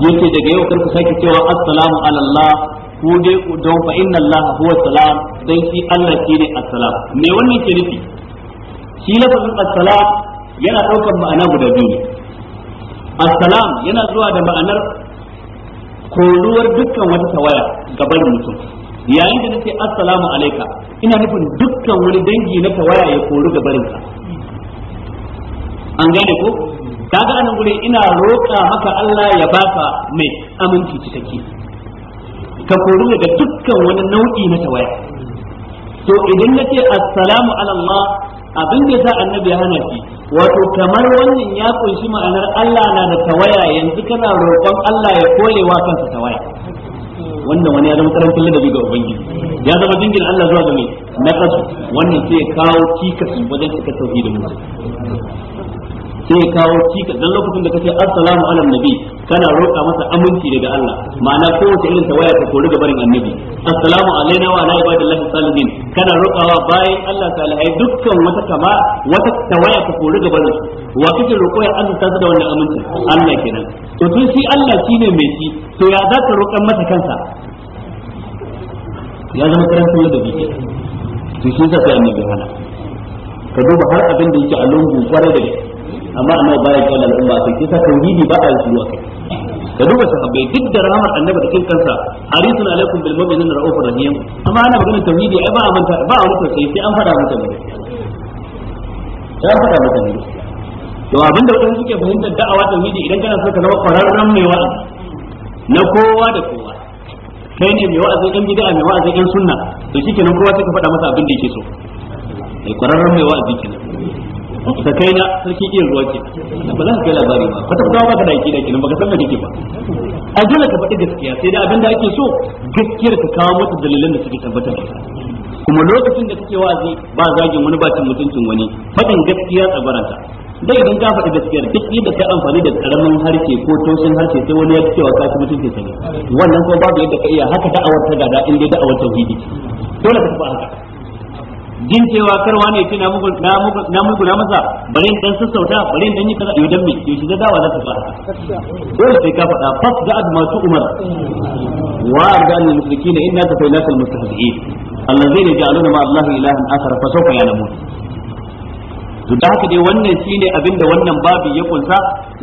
yake daga yau karku sake cewa assalamu ala Allah ku dai ku don fa inna Allah huwa salam dan shi Allah shine assalam me wannan ke nufi shi lafazin assalam yana ɗaukar ma'ana guda biyu ne assalam yana zuwa da ma'anar koruwar dukkan wata tawaya gaban mutum yayin da nake assalamu alaika ina nufin dukkan wani dangi na tawaya ya koru gaban ka an gane ko kaga anan gure ina roƙa maka Allah ya baka mai aminci cikakke ka koru daga dukkan wani nau'i na tawaya to idan nake assalamu ala Allah abin da za annabi ya hana shi wato kamar wannan ya kunshi ma'anar Allah na da tawaya yanzu kana roƙon Allah ya wa kansa tawaya wannan wani ya zama karancin ladabi ga ubangiji ya zama dingin Allah zuwa ga mai na kasu wannan sai ya kawo cikas wajen cika tauhidin mutum sai kawo cika dan lokacin da kace assalamu ala nabi kana roƙa masa aminci daga Allah ma'ana kowace irin tawaya ta kori gabarin annabi assalamu alaina wa ala ibadillahi salihin kana roƙawa bayan Allah salihai dukkan wata kama wata tawaya ta kori gabarin wa kake roƙo ya Allah ta da wannan aminci Allah kenan to tun shi Allah shine mai shi to ya za ka roƙan masa kansa ya zama karantar da biki to shi zaka annabi hana ka duba har abin da yake a lungu kwarai da gaske amma annabi baya ga wannan umma kai kisa tauhidi ba a yi shiru akai Da duba sahabbai duk da rahmar annabi da kin kansa harisun alaikum bil mu'minin raufur rahim amma ana magana tauhidi ai ba a manta ba a mutu sai an fada mutu ne sai an fada mutu ne to abinda wadanda suke fahimtar da'awa tauhidi idan kana so ka zama kwararren mai wa'azi na kowa da kowa kai ne mai wa'azi dan bid'a mai wa'azi dan sunna to shikenan kowa sai ka faɗa masa abin da yake so mai kwararren mai wa'azi kenan na sarki iya ruwa ke ba za ka kai labari ba ta kwata ba ka da yake da ba ka san me kake ba a dole ka faɗi gaskiya sai da abin da ake so gaskiyar ka kawo mata dalilan da suke tabbatar da kuma lokacin da kake wazi ba zagin wani bacin mutuncin wani faɗin gaskiya tsabaranta dai idan ka faɗi gaskiyar duk yadda ka amfani da karamin harshe ko toshin harshe sai wani ya cewa ka ci mutunci ne wannan ko babu yadda ka iya haka da'awar ta gada inda dai da'awar tauhidi dole ka tafi haka jin cewa karwa ne ce na mugu na masa bari in dan sassauta bari in dan yi kaza yodan me yoshi da dawa za ta fara dole sai ka faɗa fas da adma umar wa ardan lil musrikin inna ka al mustahzi'in allazina ja'aluna ma allahi ilahan akhar fa sawfa ya'lamun to da haka dai wannan shine abin da wannan babu ya kunsa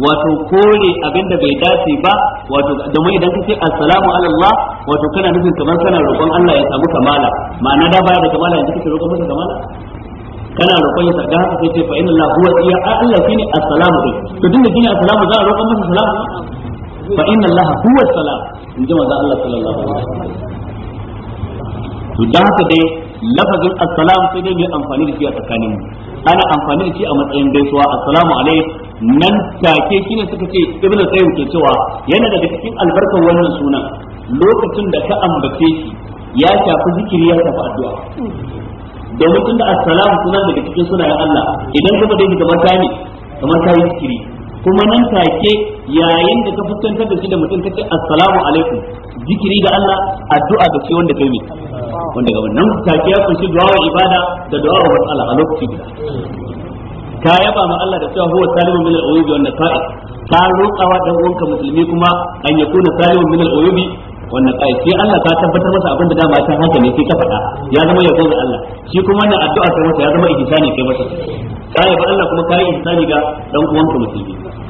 wato kore abin da bai dace ba wato domin idan kace assalamu ala Allah wato kana nufin kamar kana roƙon Allah ya samu kamala ma'ana da baya da kamala yanzu kake roƙon masa kamala kana roƙon ya da haka sai ce fa inna Allah huwa iya Allah shine assalamu dai to tunda shine assalamu za a roƙon masa salamu fa inna Allah huwa salam in ji manzo Allah sallallahu alaihi wasallam to da haka dai lafazin assalam sai dai mai amfani da shi a tsakanin mu ana amfani da shi a matsayin gaisuwa assalamu alaikum nan take kina suka ce ibnu sayyid ke cewa yana daga cikin albarkar wannan sunan lokacin da ka ambace shi ya shafi zikiri ya shafi addu'a domin tunda assalamu sunan daga cikin sunayen Allah idan kuma dai kamar ta ne kamar ta yi zikiri kuma nan take yayin da ka fuskanta da shi da mutum kace assalamu alaikum zikiri ga Allah addu'a da ke wanda kai ne wanda ga nan take ya kunshi du'a ibada da du'a wa Allah a lokaci guda ka yaba ma Allah da cewa huwa salimun min al-uyubi an nasa'i ka roƙawa dan uwanka musulmi kuma an yakuna salimun min al-uyubi wannan kai sai Allah ka tabbatar masa abin da dama can haka ne sai ka faɗa ya zama yabo ga Allah shi kuma wannan addu'a kai masa ya zama ihsani kai masa ka ba Allah kuma kai yi ihsani ga dan ka musulmi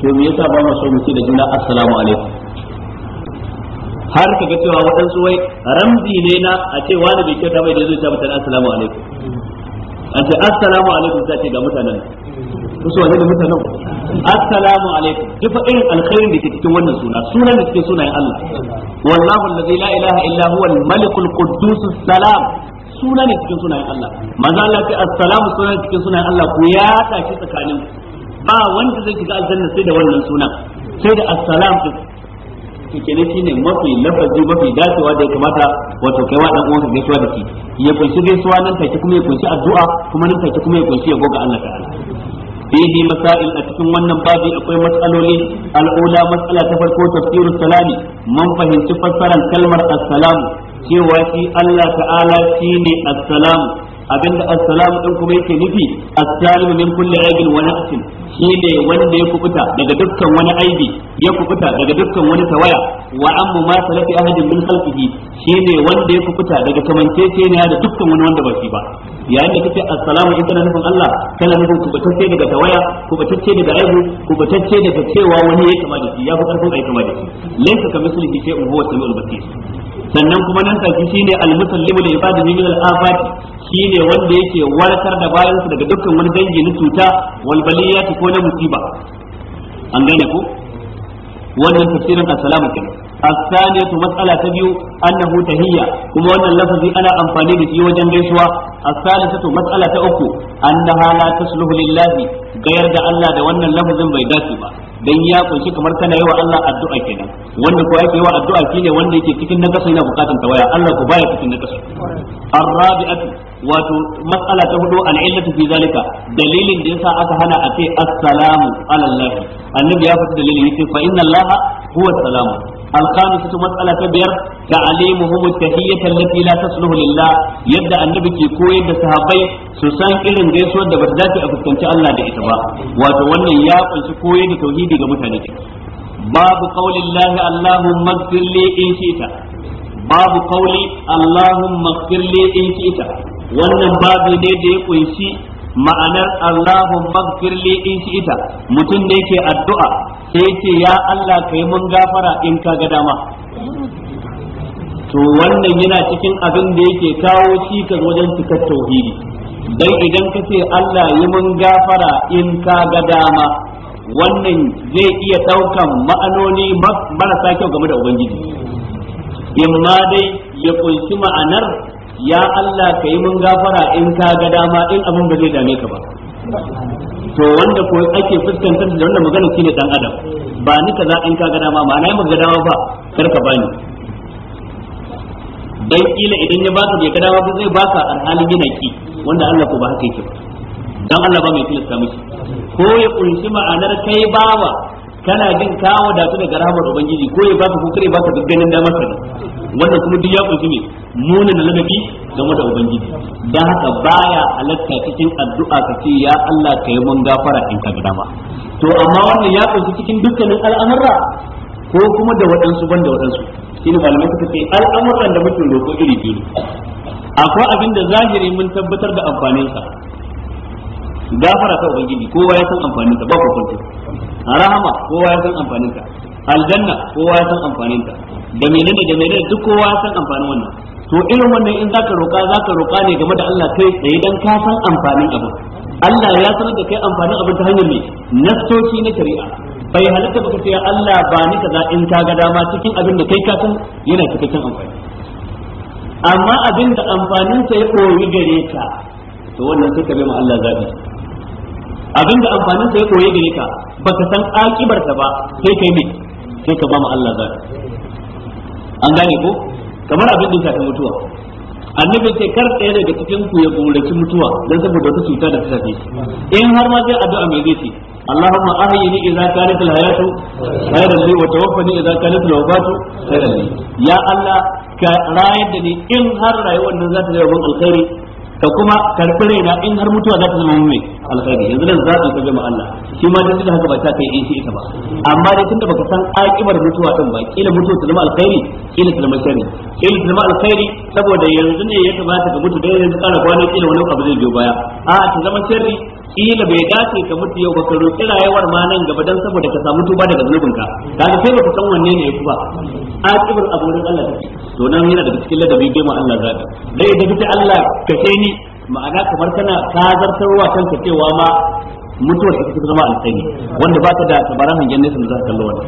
to me yasa ba mu so mu ce da juna assalamu alaikum har kaga cewa waɗansu wai ramzi ne na a ce wani bai kyauta bai da zai ta mutane assalamu alaikum an ce assalamu alaikum ta ce ga mutanen ku so ne da mutanen assalamu alaikum duk irin alkhairin da ke cikin wannan suna sunan da cikin sunayen Allah wallahu alladhi la ilaha illa huwa al-malikul quddus salam Sunan ne cikin sunayen Allah manzo Allah ce assalamu sunan cikin sunayen Allah ku ya tashi tsakanin ba wanda zai shiga aljanna sai da wannan suna, sai da assalam Ki kene shi shine mafi lafazi mafi dacewa da ya kamata wato kai wa dan uwan ka gaisuwa da shi ya kunshi gaisuwa nan take kuma ya kunshi addu'a kuma nan take kuma ya kunshi yabo ga Allah ta'ala fihi masail a cikin wannan babi akwai matsaloli, al'ula mas'ala ta farko tafsirus salami man fahimci fassaran kalmar Asalamu. cewa shi Allah ta'ala shine assalamu abinda Asalamu din kuma yake nufi assalamu min kulli aibin wa naqsin shine wanda ya kubuta daga dukkan wani aibi ya kubuta daga dukkan wani tawaya wa amma ma salafi ahadin min khalqihi shine wanda ya kubuta daga kamanceceniya da dukkan wani wanda ba shi ba yayin da kace assalamu in kana nufin Allah kana nufin kubatacce daga tawaya ku kubatacce daga aibu kubatacce daga cewa wani ya kama da shi ya fi karfin ai kama da shi laysa ka mislihi shay'un huwa samiul basir sannan kuma nan take shine al-musallimu li ibadihi min al-afat shine wanda yake warkar da bayansu daga dukkan wani dangi na cuta wal baliyati ko na musiba an gane ko wannan tafsirin assalamu kenan الثانية مسألة تبيو أنه تهية كما أن اللفظ أنا أنفاني بسي وجن جيشوا الثالثة مسألة أكو أنها لا تصلح لله غير دا الله دا وأن اللفظ بيداتي با dan ya kunshi kamar kana wa Allah addu'a kenan wanda ko yake yawa addu'a shine wanda yake cikin nakasa yana bukatan tawaya Allah ku baya cikin nakasa arrabi'atu wato mas'ala ta hudu al'illatu fi zalika dalilin da yasa aka hana a ce assalamu ala Allah annabi ya faɗi dalilin yace fa inna Allah huwa salamu الخامسة مسألة كبير تعليمهم التحية التي لا تصلح لله يبدأ النبي كي كوي da sahabbai su san irin gaisuwar da ba ta dace a fuskanci Allah da ita ba wato wannan ya ƙunshi koyi da tauhidi ga mutane babu qaulin lahi allahumma ighfir li in shi'ta babu wannan babu ne da ya kunshi ma'anar Allahumma gfirli in shi'ita mutum da yake addu'a sai yace ya Allah kai mun gafara in ka ga dama to wannan yana cikin abin da yake kawo cikas wajen cikar tauhidi dan idan ka ce Allah yi mun gafara in ka ga dama wannan zai iya ɗaukan ma'anoni marasa kyau game da ubangiji imma dai ya kunshi ma'anar ya Allah ka yi mun gafara in ka ga dama in abin ba zai dame ka ba to wanda ko ake fuskantar da wannan magana shine dan adam ba ni kaza in ka ga dama ma'ana mun ga dama ba kar ka bani dan kila idan ya baka bai ga dama ba zai baka alhalin yana ki wanda Allah ko ba haka yake ba dan Allah ba mai tilasta miki ko ya kunshi ma'anar kai bawa kana jin ka su daga rahmar ubangiji ko ya baka ko kare baka ganin damar ka wannan kuma duk ya kunshi ne da ladabi game da ubangiji dan haka baya halatta cikin addu'a ka ce ya Allah ka yi mun gafara in ka dama to amma wannan ya kunshi cikin dukkanin al'amura ko kuma da waɗansu ban da waɗansu shi ne malamai suka ce al'amuran da mutum roƙo iri biyu ne akwai abin da zahiri mun tabbatar da amfaninsa gafara ta ubangiji kowa ya san amfaninsa ba ku kwanto rahama kowa ya san amfanin ta aljanna kowa ya san amfanin ta da menene da menene duk kowa ya san amfanin wannan to irin wannan in zaka roka zaka roka ne game da Allah kai tsaye dan ka san amfanin abu Allah ya sanar da kai amfanin abin ta hanyar me. nastoci na shari'a bai halatta baka ce Allah ba ni kaza in ka ga dama cikin abin da kai ka san yana cikakken amfani amma abin da amfanin sa ya koyi gare ka to wannan sai ka bi ma Allah zabi abin da amfanin sai koyi gare ka baka san akibar ta ba sai kai ne sai ka ba mu Allah zaka an gane ko kamar abin da ta mutuwa annabi sai kar ɗaya daga cikin ku ya gurace mutuwa dan saboda wata cuta da ta tafi in har ma zai addu'a mai zai ce Allahumma ahyini idza kanat al-hayatu khayran li wa tawaffani idza kanat al-wafatu khayran li ya Allah ka rayar da ni in har rayuwar nan za ta zama alkhairi ta kuma karɓi raina in har mutuwa za ta zama mai alkhairi yanzu nan za ka ga Allah shi ma duk da haka ba ta kai in shi ita ba amma dai tunda baka san akibar mutuwa din ba kila mutuwa ta zama alkhairi kila ta zama sharri kila ta zama alkhairi saboda yanzu ne ya kamata ka mutu dai yanzu kana kwana kila wani abu zai biyo baya a ta zama sharri kila bai dace ka mutu yau ba ka roƙi rayuwar ma nan gaba dan saboda ka samu tuba daga zunubin ka kaga sai baka san wanne ne yake ba aqibar aburin Allah to nan yana daga cikin ladabi ga mu Allah zaka dai da bita Allah ka sai ni ma'ana kamar kana kazartarwa kanka cewa ma mutuwar ta ta zama alkhairi wanda ba ta da tabaran hangen nesa da za ka kallo wannan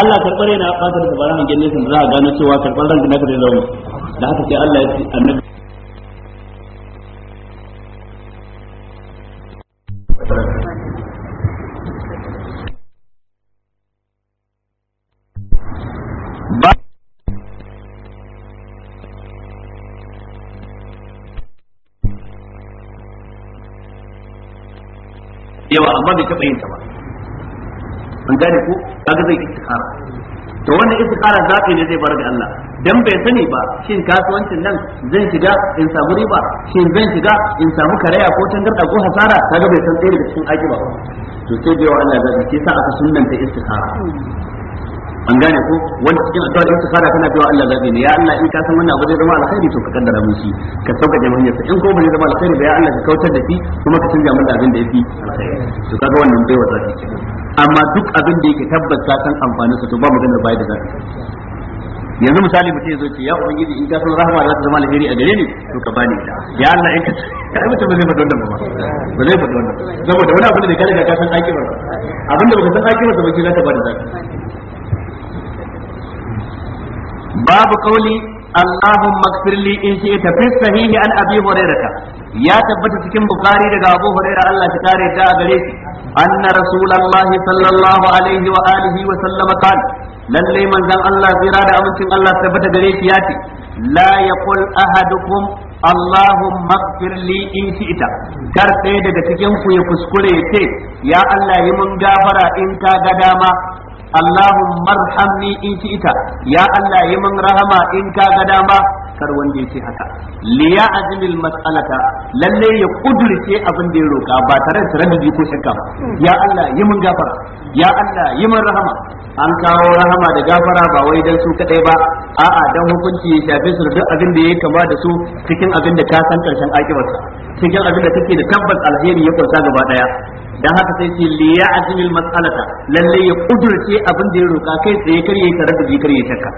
Allah karɓar yana ba ta da tabaran hangen nesa da za ka gano cewa karɓar ranka da naka zai zama da haka sai Allah ya ce annabi yawa amma bai taɓa yin ta ba an gane ko kaga zai istikhara to wannan kara zafi ne zai bar da Allah dan bai sani ba shin kasuwancin nan zan shiga in samu riba shin zan shiga in samu karaya ko da ko hasara kaga bai san tsere da cikin akiba ba to sai bai wa Allah zafi sai sa aka sunnanta istikhara an gane ko wanda cikin addu'ar istikhara kana cewa Allah zabi ne ya Allah in ka san wannan abu zai zama alkhairi to ka kaddara mun shi ka sauka da sa in ko ba zai zama alkhairi ba ya Allah ka kautar da shi kuma ka canja mun da abin da yafi alkhairi to kaga wannan bai wa zafi kenan amma duk abin da yake tabbas ka san amfanin sa to ba maganar bai da zaka yanzu misali mutum ya zo ce ya ubangiji in ka san rahama za ta zama alheri a gare ni to ka bani ita ya Allah in ka kai mutum zai faɗi wannan ba ba zai faɗi wannan saboda wani abin da ka riga ka san akibar abin da baka san akibar sa ba shi za ka bada zaka babu kauli اللهم اغفر لي ان شئت في الصحيح عن ابي هريره يا تبت cikin bukhari daga abu huraira Allah ta kare ta gare shi anna rasulullahi sallallahu alaihi wa alihi wa sallam qala lalle manzon Allah tsira da amincin Allah tabbata gare shi yace la yaqul ahadukum Allahumma ighfir li in shi'ta kar ɗaya daga cikin ku ya kuskure ce ya Allah yi mun gafara in ka ga dama Allahumma arhamni in ita ya Allah yi min rahama in ka ga dama kar wanda yake haka liya ajmil mas'alata lalle ya kudurce abin da ya roka ba tare da taraddudi ko shakka ba ya Allah yi min gafara ya Allah yi min rahama an kawo rahama da gafara ba wai dan su kadai ba a'a dan hukunci ya shafe su duk abin da yayi kama da su cikin abin da ka san karshen akibarsa cikin abin da kake da tabbas alheri ya kunsa gaba ɗaya. dan haka sai ce li ya'zim al mas'alata lalle ya kudurce abin da ya roka kai tsaye kar yayi taraddudi kar yayi shakka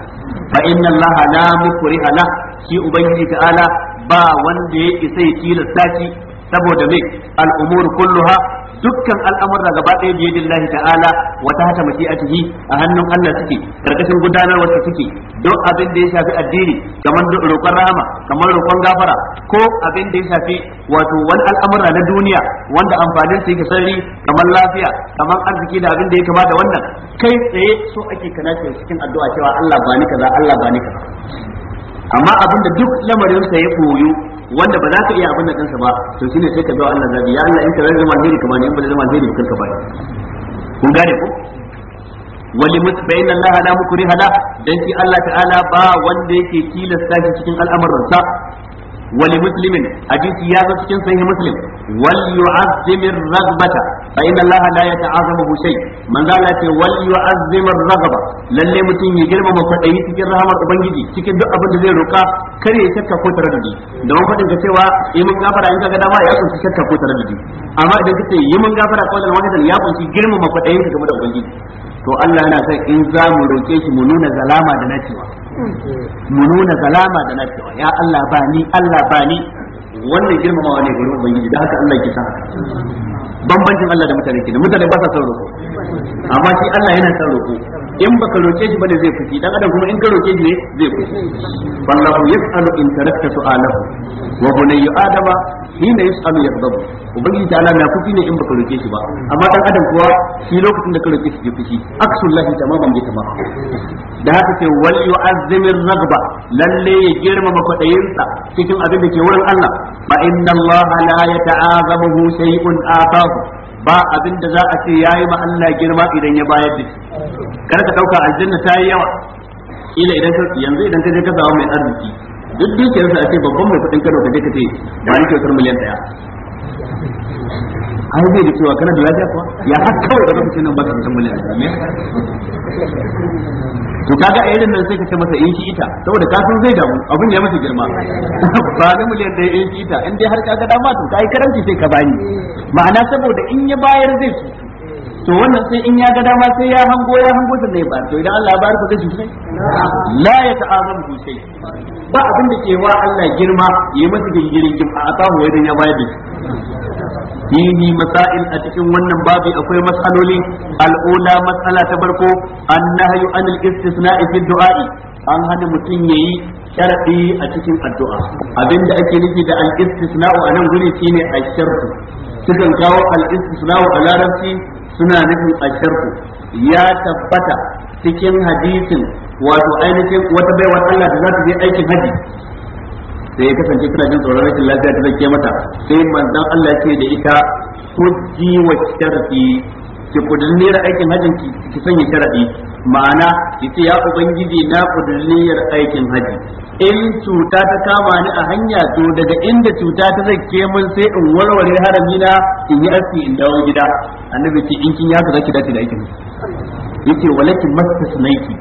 fa inna Allah la mukriha la shi ubangiji ta'ala ba wanda ya isa ya tilasta shi saboda me al umur kulluha dukkan al'amurra gaba ɗaya biye lillahi ta'ala wa ta hata mashi'atihi a hannun Allah suke karkashin gudanarwar su suke don abin da ya shafi addini kamar roƙon rahama kamar roƙon gafara ko abin da ya shafi wato wani al'amurra na duniya wanda amfanin su yake sarri kamar lafiya kamar arziki da abin da ya kamata wannan kai tsaye so ake kana cikin addu'a cewa Allah ba ni kaza Allah ba ni kaza amma abin da duk lamarin sa ya koyo wanda ba za ka iya abin da kansa ba to shine sai ka zo Allah zabi ya Allah in ka zama alheri ka ne, in ba zama alheri ka bani kun gane ko wali mutbayin Allah la mukriha la dan shi Allah ta'ala ba wanda yake tilasta shi cikin al'amuransa wali muslimin hadisi ya zo cikin sanya muslim wal yu'azzim ar-raghbata fa inna Allah la yata'azzamu shay man zalla ce wal yu'azzim ar-raghba lalle mutum ya girmama yi cikin rahmar ubangiji cikin duk abin da zai roka kar ya shakka ko taraddudi da mun fadin ka cewa yi mun gafara in kaga dama ya kunshi shakka ko taraddudi amma idan kace yi mun gafara kawai wahidan ya kunshi girmama kwadayin ka game da ubangiji to Allah yana son in za mu roke shi mu nuna zalama da na cewa mu nuna zalama da nafiwa ya Allah ba ni Allah ba ni wannan girmamawa ne gurin ubangiji da haka Allah ke san bambancin Allah da mutane ke da mutane ba sa son roƙo amma shi Allah yana sauro roƙo in baka roke shi bane zai fushi dan adam kuma in ka roke shi ne zai fushi wallahu yas'alu in tarakta su'alahu wa bunayya adama hina yas'alu yaghdab ubangi ta Allah na kufi ne in baka roke shi ba amma dan adam kuwa shi lokacin da ka roke shi zai fushi aksullahi tamaman bi tamam da haka ce wal yu'azzimir ragba lalle ya girmama kwadayinsa cikin abin da ke wurin Allah ba inna Allah la yata'azamuhu shay'un atahu ba abin da za a ce yayi ma Allah girma idan ya bayar da shi kar ka dauka aljanna ta yi yawa ila idan ka yanzu idan ka je ka mai arziki duk dukiyarsa a ce babban mai kuɗin Kano ka je ka ce ba ni kyautar miliyan ɗaya. ai zai da cewa kana da lafiya kuwa ya har kawai da lokacin nan ba ka san mulki ne to kaga a irin nan sai ka ce masa in eh, shi ita saboda ka san zai damu abin ya masa girma ba ni miliyan da in eh, shi ita in dai har kaga dama to kai karanci sai ka bani ma'ana saboda in ya bayar zai ci to wannan sai in ya ga dama sai ya hango ya hango da ne ba to idan Allah ya bayar ku zai sai la ya ta'azamu bi shay ba abin da ke wa Allah girma yayi masa gingirin a atahu idan ya bayar da shi. fihi masail a cikin wannan babi akwai mas'aloli al'ula mas'ala ta farko annahyu anil istisna'i fi du'a? an hana mutum yayi sharadi a cikin addu'a abinda ake nufi da al a nan guri shine al-shartu sukan kawo al a larabci suna nufin al ya tabbata cikin hadisin wato ainihin wata baiwar Allah da za ta aikin haji sai ya kasance kana jin tsoron rashin lafiya ta zake mata sai manzon Allah ce da ita ji wa sharfi ki kudunniyar aikin hajin ki ki sanya sharadi ma'ana yace ya ubangiji na kudunniyar aikin haji in cuta ta kama ni a hanya to daga inda cuta ta zake mun sai in warware harami na in yi aski in dawo gida annabi ce in kin ya ka zaki dace da aikin yace walaki mastasnaiki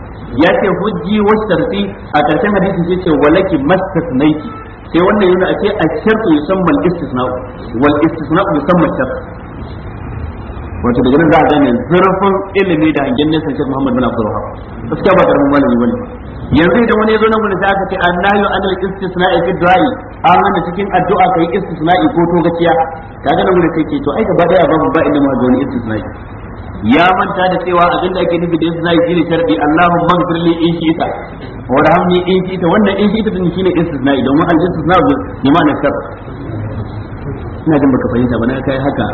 ya ce hujji wasu tarfi a ƙarshen hadisi ce, ce walaki mastasnaiki sai wannan yana ake a shartu musamman al-istisna wal istisna yusamma shart wato daga nan za a gane zurfin ilimi da hangen nesa Sheikh Muhammad bin Abdul Wahhab gaskiya ba karamin malami bane yanzu idan wani ya zo nan gurin sai aka ce annahu anil istisna'i fi du'a'i an nan cikin addu'a kai istisna'i ko to gaciya kaga nan gurin sai ce to ai gaba daya babu ba inda ma zo ni istisna'i ya manta da cewa abin da ake nufi da yadda zai shine sharadi Allahumma maghfir li in shi'ta wa rahmni in shi'ta wannan in shi'ta din shine istisna'i domin al istisna bi ma'ana shar ina jin baka fahimta ba na kai haka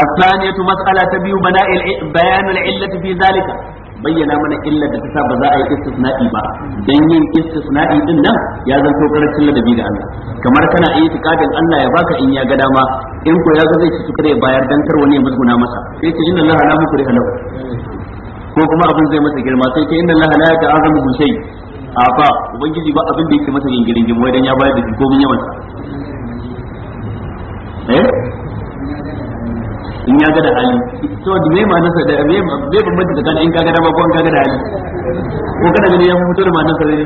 الثانية مسألة بيان العلة في ذلك bayyana mana illa da ta sa ba za a yi istisna'i ba dan yin istisna'i din nan ya zanto karancin ladabi da Allah kamar kana yi tikadin Allah ya baka in ya ga dama in ko ya zo zai ci tukare bayar dan kar wani musguna masa sai ce inna Allah la mukri halau ko kuma abin zai masa girma sai ce inna Allah la ta'azamu bi shay a ba ubangiji ba abin da yake masa gingirin gimo dan ya bayar da komai yawan eh in ya ga da hali to me ma sa da me me da kana in ka gada ba ko in kaga da hali ko kana gani ya fito da ma'anar sa ne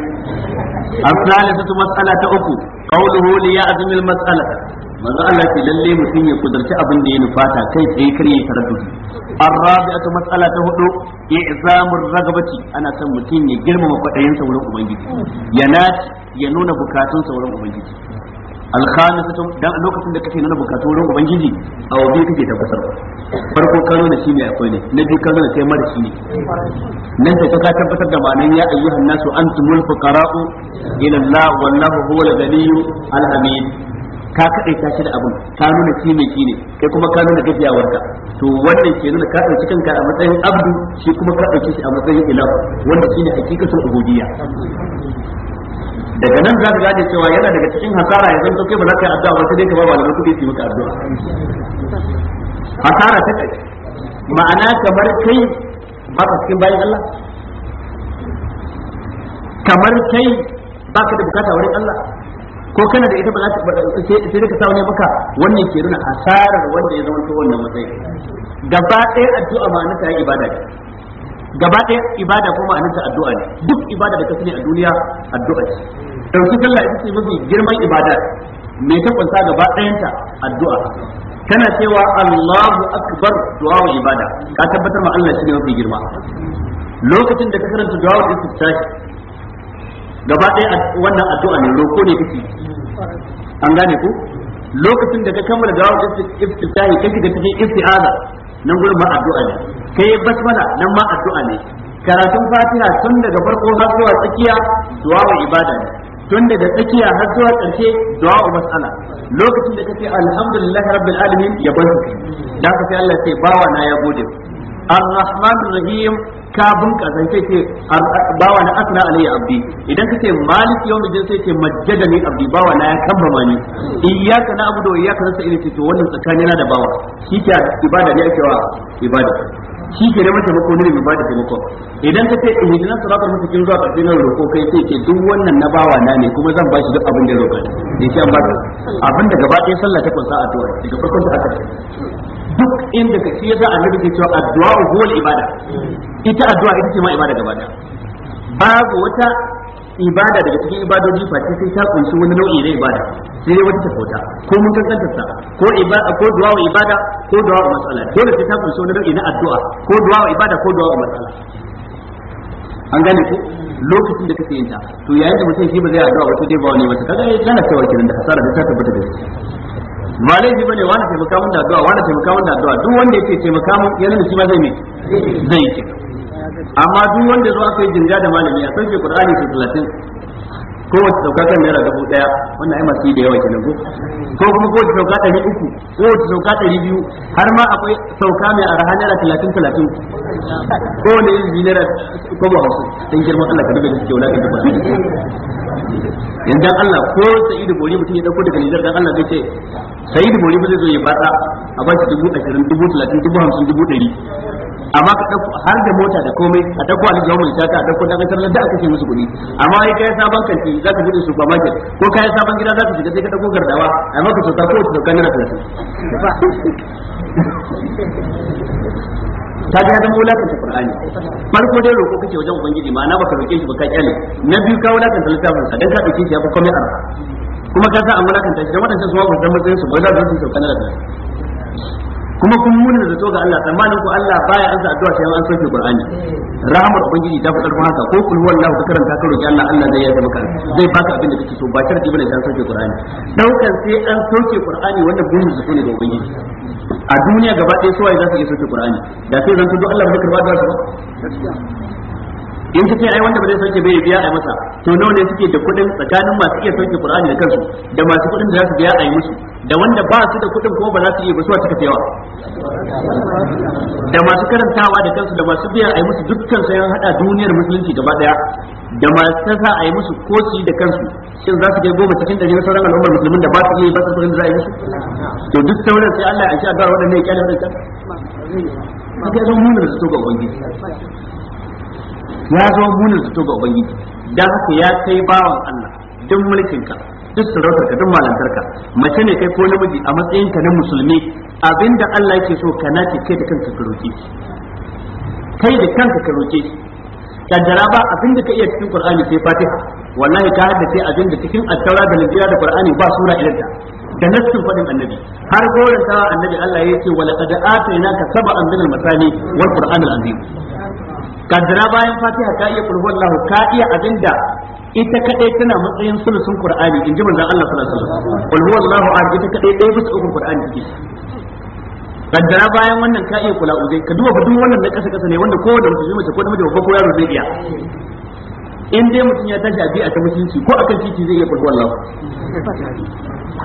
as mas'ala ta uku qawluhu li ya'zim al-mas'ala manzo Allah ce lalle mutum ya kudarci abin da ya nufata kai tsaye kar ya taraddudi ar-rabi'atu ta hudu i'zamur ragabati ana son mutum ya girmama kwadayin sa wurin ubangiji ya nuna bukatun sa wurin ubangiji alkhamisatu dan lokacin da kake nuna bukatu wurin ubangiji a waje kake tabbatar farko ka nuna shi mai akwai ne na biyu ka nuna shi ne nan sai ka tabbatar da ma'anan ya ayyuhan nasu antumul fuqara'u ila Allah wallahu huwal ganiyyu ka kaɗai ta shi da abun ka nuna shi shi ne kai kuma ka nuna gajiyawarka to wannan ke nuna ka ɗauki kanka a matsayin abdu shi kuma ka ɗauki shi a matsayin ilahu wanda shine hakikatul ubudiyya daga nan za ka gane cewa yana daga cikin hasara ya zanto kai ba za ka yi addu'a ba sai dai ka ba malamai kuɗi su maka addu'a hasara ta kai ma'ana kamar kai ba ka cikin bayan Allah kamar kai ba ka da bukata wurin Allah ko kana da ita ba za ta sai sai ka sa wani maka wannan ke nuna asarar wanda ya zama to wannan matsayi gaba ɗaya addu'a ma'ana ta ta ibada ce gaba ɗaya ibada ko ma'anarta addu'a ne duk ibada da ka sani a duniya addu'a ce dauki sallah ita ce mafi girman ibada mai ta kunsa gaba ɗayanta addu'a kana cewa Allahu akbar du'a wa ibada ka tabbatar ma Allah shi ne mafi girma lokacin da ka karanta du'a wa istiftahi gaba ɗaya wannan addu'a ne roko ne kake an gane ku lokacin da ka kammala du'a wa istiftahi kake da cikin isti'aza nan gurin ma addu'a ne kai basmala nan ma addu'a ne karatun fatiha tun daga farko har zuwa tsakiya du'a ibada ne tun daga tsakiya har zuwa ƙarshe du'a mas'ala lokacin da kace alhamdulillahi rabbil alamin ya bar da ka sai Allah bawa na ya gode Allahumma rahim ka bunƙasa sai ce bawa na asna alayya abdi idan kace malik yawmi din sai ce majjadani abdi bawa na ya kambama ni iyyaka na abudu wa iyyaka nasta'in ce to wannan na da bawa shi ke ibada ne ake wa ibada shi ke neman taimako ne mai bada taimako idan ka ce ihdinas siratal mustaqim zuwa karfi na roko kai sai ke duk wannan na bawa na ne kuma zan bashi duk abin da ya roƙa in an Allah abin da gaba ɗaya sallah ta kunsa a tuwa daga farkon ta aka duk inda ka shi yasa annabi ke cewa addu'a wani ibada ita addu'a ita ce ma ibada gaba da babu wata ibada daga cikin ibadoji ce sai ta kunshi wani nau'i na ibada sai dai wata kota ko mun kankanta sa ko ibada ko du'a ibada ko du'a matsala dole sai ta kunshi wani nau'i na addu'a ko du'a ibada ko du'a matsala an gane ko lokacin da kake yin ta to yayin da mutum shi ba zai addu'a ba to dai ba wani mata kaga yana cewa kiran da hasara da ta tabbata da shi ba laifi bane wani taimaka mun da addu'a wani taimaka mun da addu'a duk wanda yake taimaka mun yana da shi ba zai ne zai yi amma duk wanda zo aka yi jinga da malami a sauke qur'ani su 30 ko wata sauka kan naira dubu daya wannan ai masu da yawa kenan ko ko kuma ko wata sauka ɗari uku ko wata sauka ɗari biyu har ma akwai sauka mai araha naira talatin talatin ko wani yin naira ko ba hausa sun girman Allah ka duka da suke wulaƙanta ba yanzu Allah ko Sa'idu Bori mutum ya dauko daga Nijar dan Allah zai ce Sa'idu Bori ba zai zo ya bada a ba shi dubu ashirin dubu talatin dubu hamsin dubu ɗari amma ka dauko har da mota da komai a dauko alhaji Umar Shaka a dauko dan kasar da aka ce musu kuɗi amma ai kai sabon kanti zaka bude supermarket ko kai sabon gida zaka shiga sai ka dauko gardawa a maka sauka ko ka sauka naira 30 ta ga da ta qur'ani farko dai roko kake wajen ubangiji na baka roke shi baka kyale na biyu ka wulakanta littafin sa dan ka dauke shi ya fi komai arha kuma ka sa an wulakanta shi dan wadannan su ma ba san matsayin su ba za su sauka na da kuma kun muni da zato ga Allah tsammanin ku Allah baya ansa addu'a sai an soke Qur'ani hmm. rahmar ubangiji ta fadar haka ko kul huwallahu ka karanta ka roki Allah Allah zai yarda maka zai baka abin da kake so ba sharti bane sai an soke Qur'ani daukan sai an soke Qur'ani wanda gumi zato ne ga ubangiji a duniya gaba ɗaya sai za su iya soke Qur'ani da sai zan tudu Allah bai karba da in ta ce ai wanda ba zai sauke bai biya a masa to nawa ne suke da kuɗin tsakanin masu iya sauke Qur'ani da kansu da masu kuɗin da za su biya a yi musu da wanda ba su da kuɗin kuma ba za su iya ba su suka fi yawa da masu karantawa da kansu da masu biya a yi musu dukkan sayan hada duniyar musulunci gaba daya da masu tasa a yi musu koci da kansu shin za su kai goma cikin ɗari na sauran al'ummar musulmin da ba su yi ba su sauran da za a yi musu to duk sauran sai Allah ya ci addu'a waɗannan ya kyale waɗannan ya zo munin zato toga ubangiji ya zama munin zato ga ubangiji da haka ya kai bawan Allah duk mulkinka duk sarautar ka duk malantarka mace ne kai ko namiji a matsayin ka na musulmi abinda Allah yake so kana ce kai da kanka ka roke shi kai da kanka ka roke shi kaddara ba abinda ka iya cikin Qur'ani sai Fatiha wallahi ka haddace abinda cikin Attaura da Injila da Qur'ani ba sura irin ta da nassin fadin annabi har goren ta annabi Allah ya ce wala qad atainaka sab'an min al-masani wal qur'an al-azim kaddara bayan fatiha ka iya kulhu ka iya abinda ita kadai tana matsayin sulusun qur'ani ji manzon Allah sallallahu alaihi wasallam qul allah ahad ita kadai ɗaya bisa ukun qur'ani take kaddara bayan wannan ka iya kula uzai ka duba duk wannan na kasa kasa ne wanda ko da mutum mace ko da mutum ko yaro zai iya in dai mutum ya tashi a ta musulunci ko akan titi zai iya kulhu Allah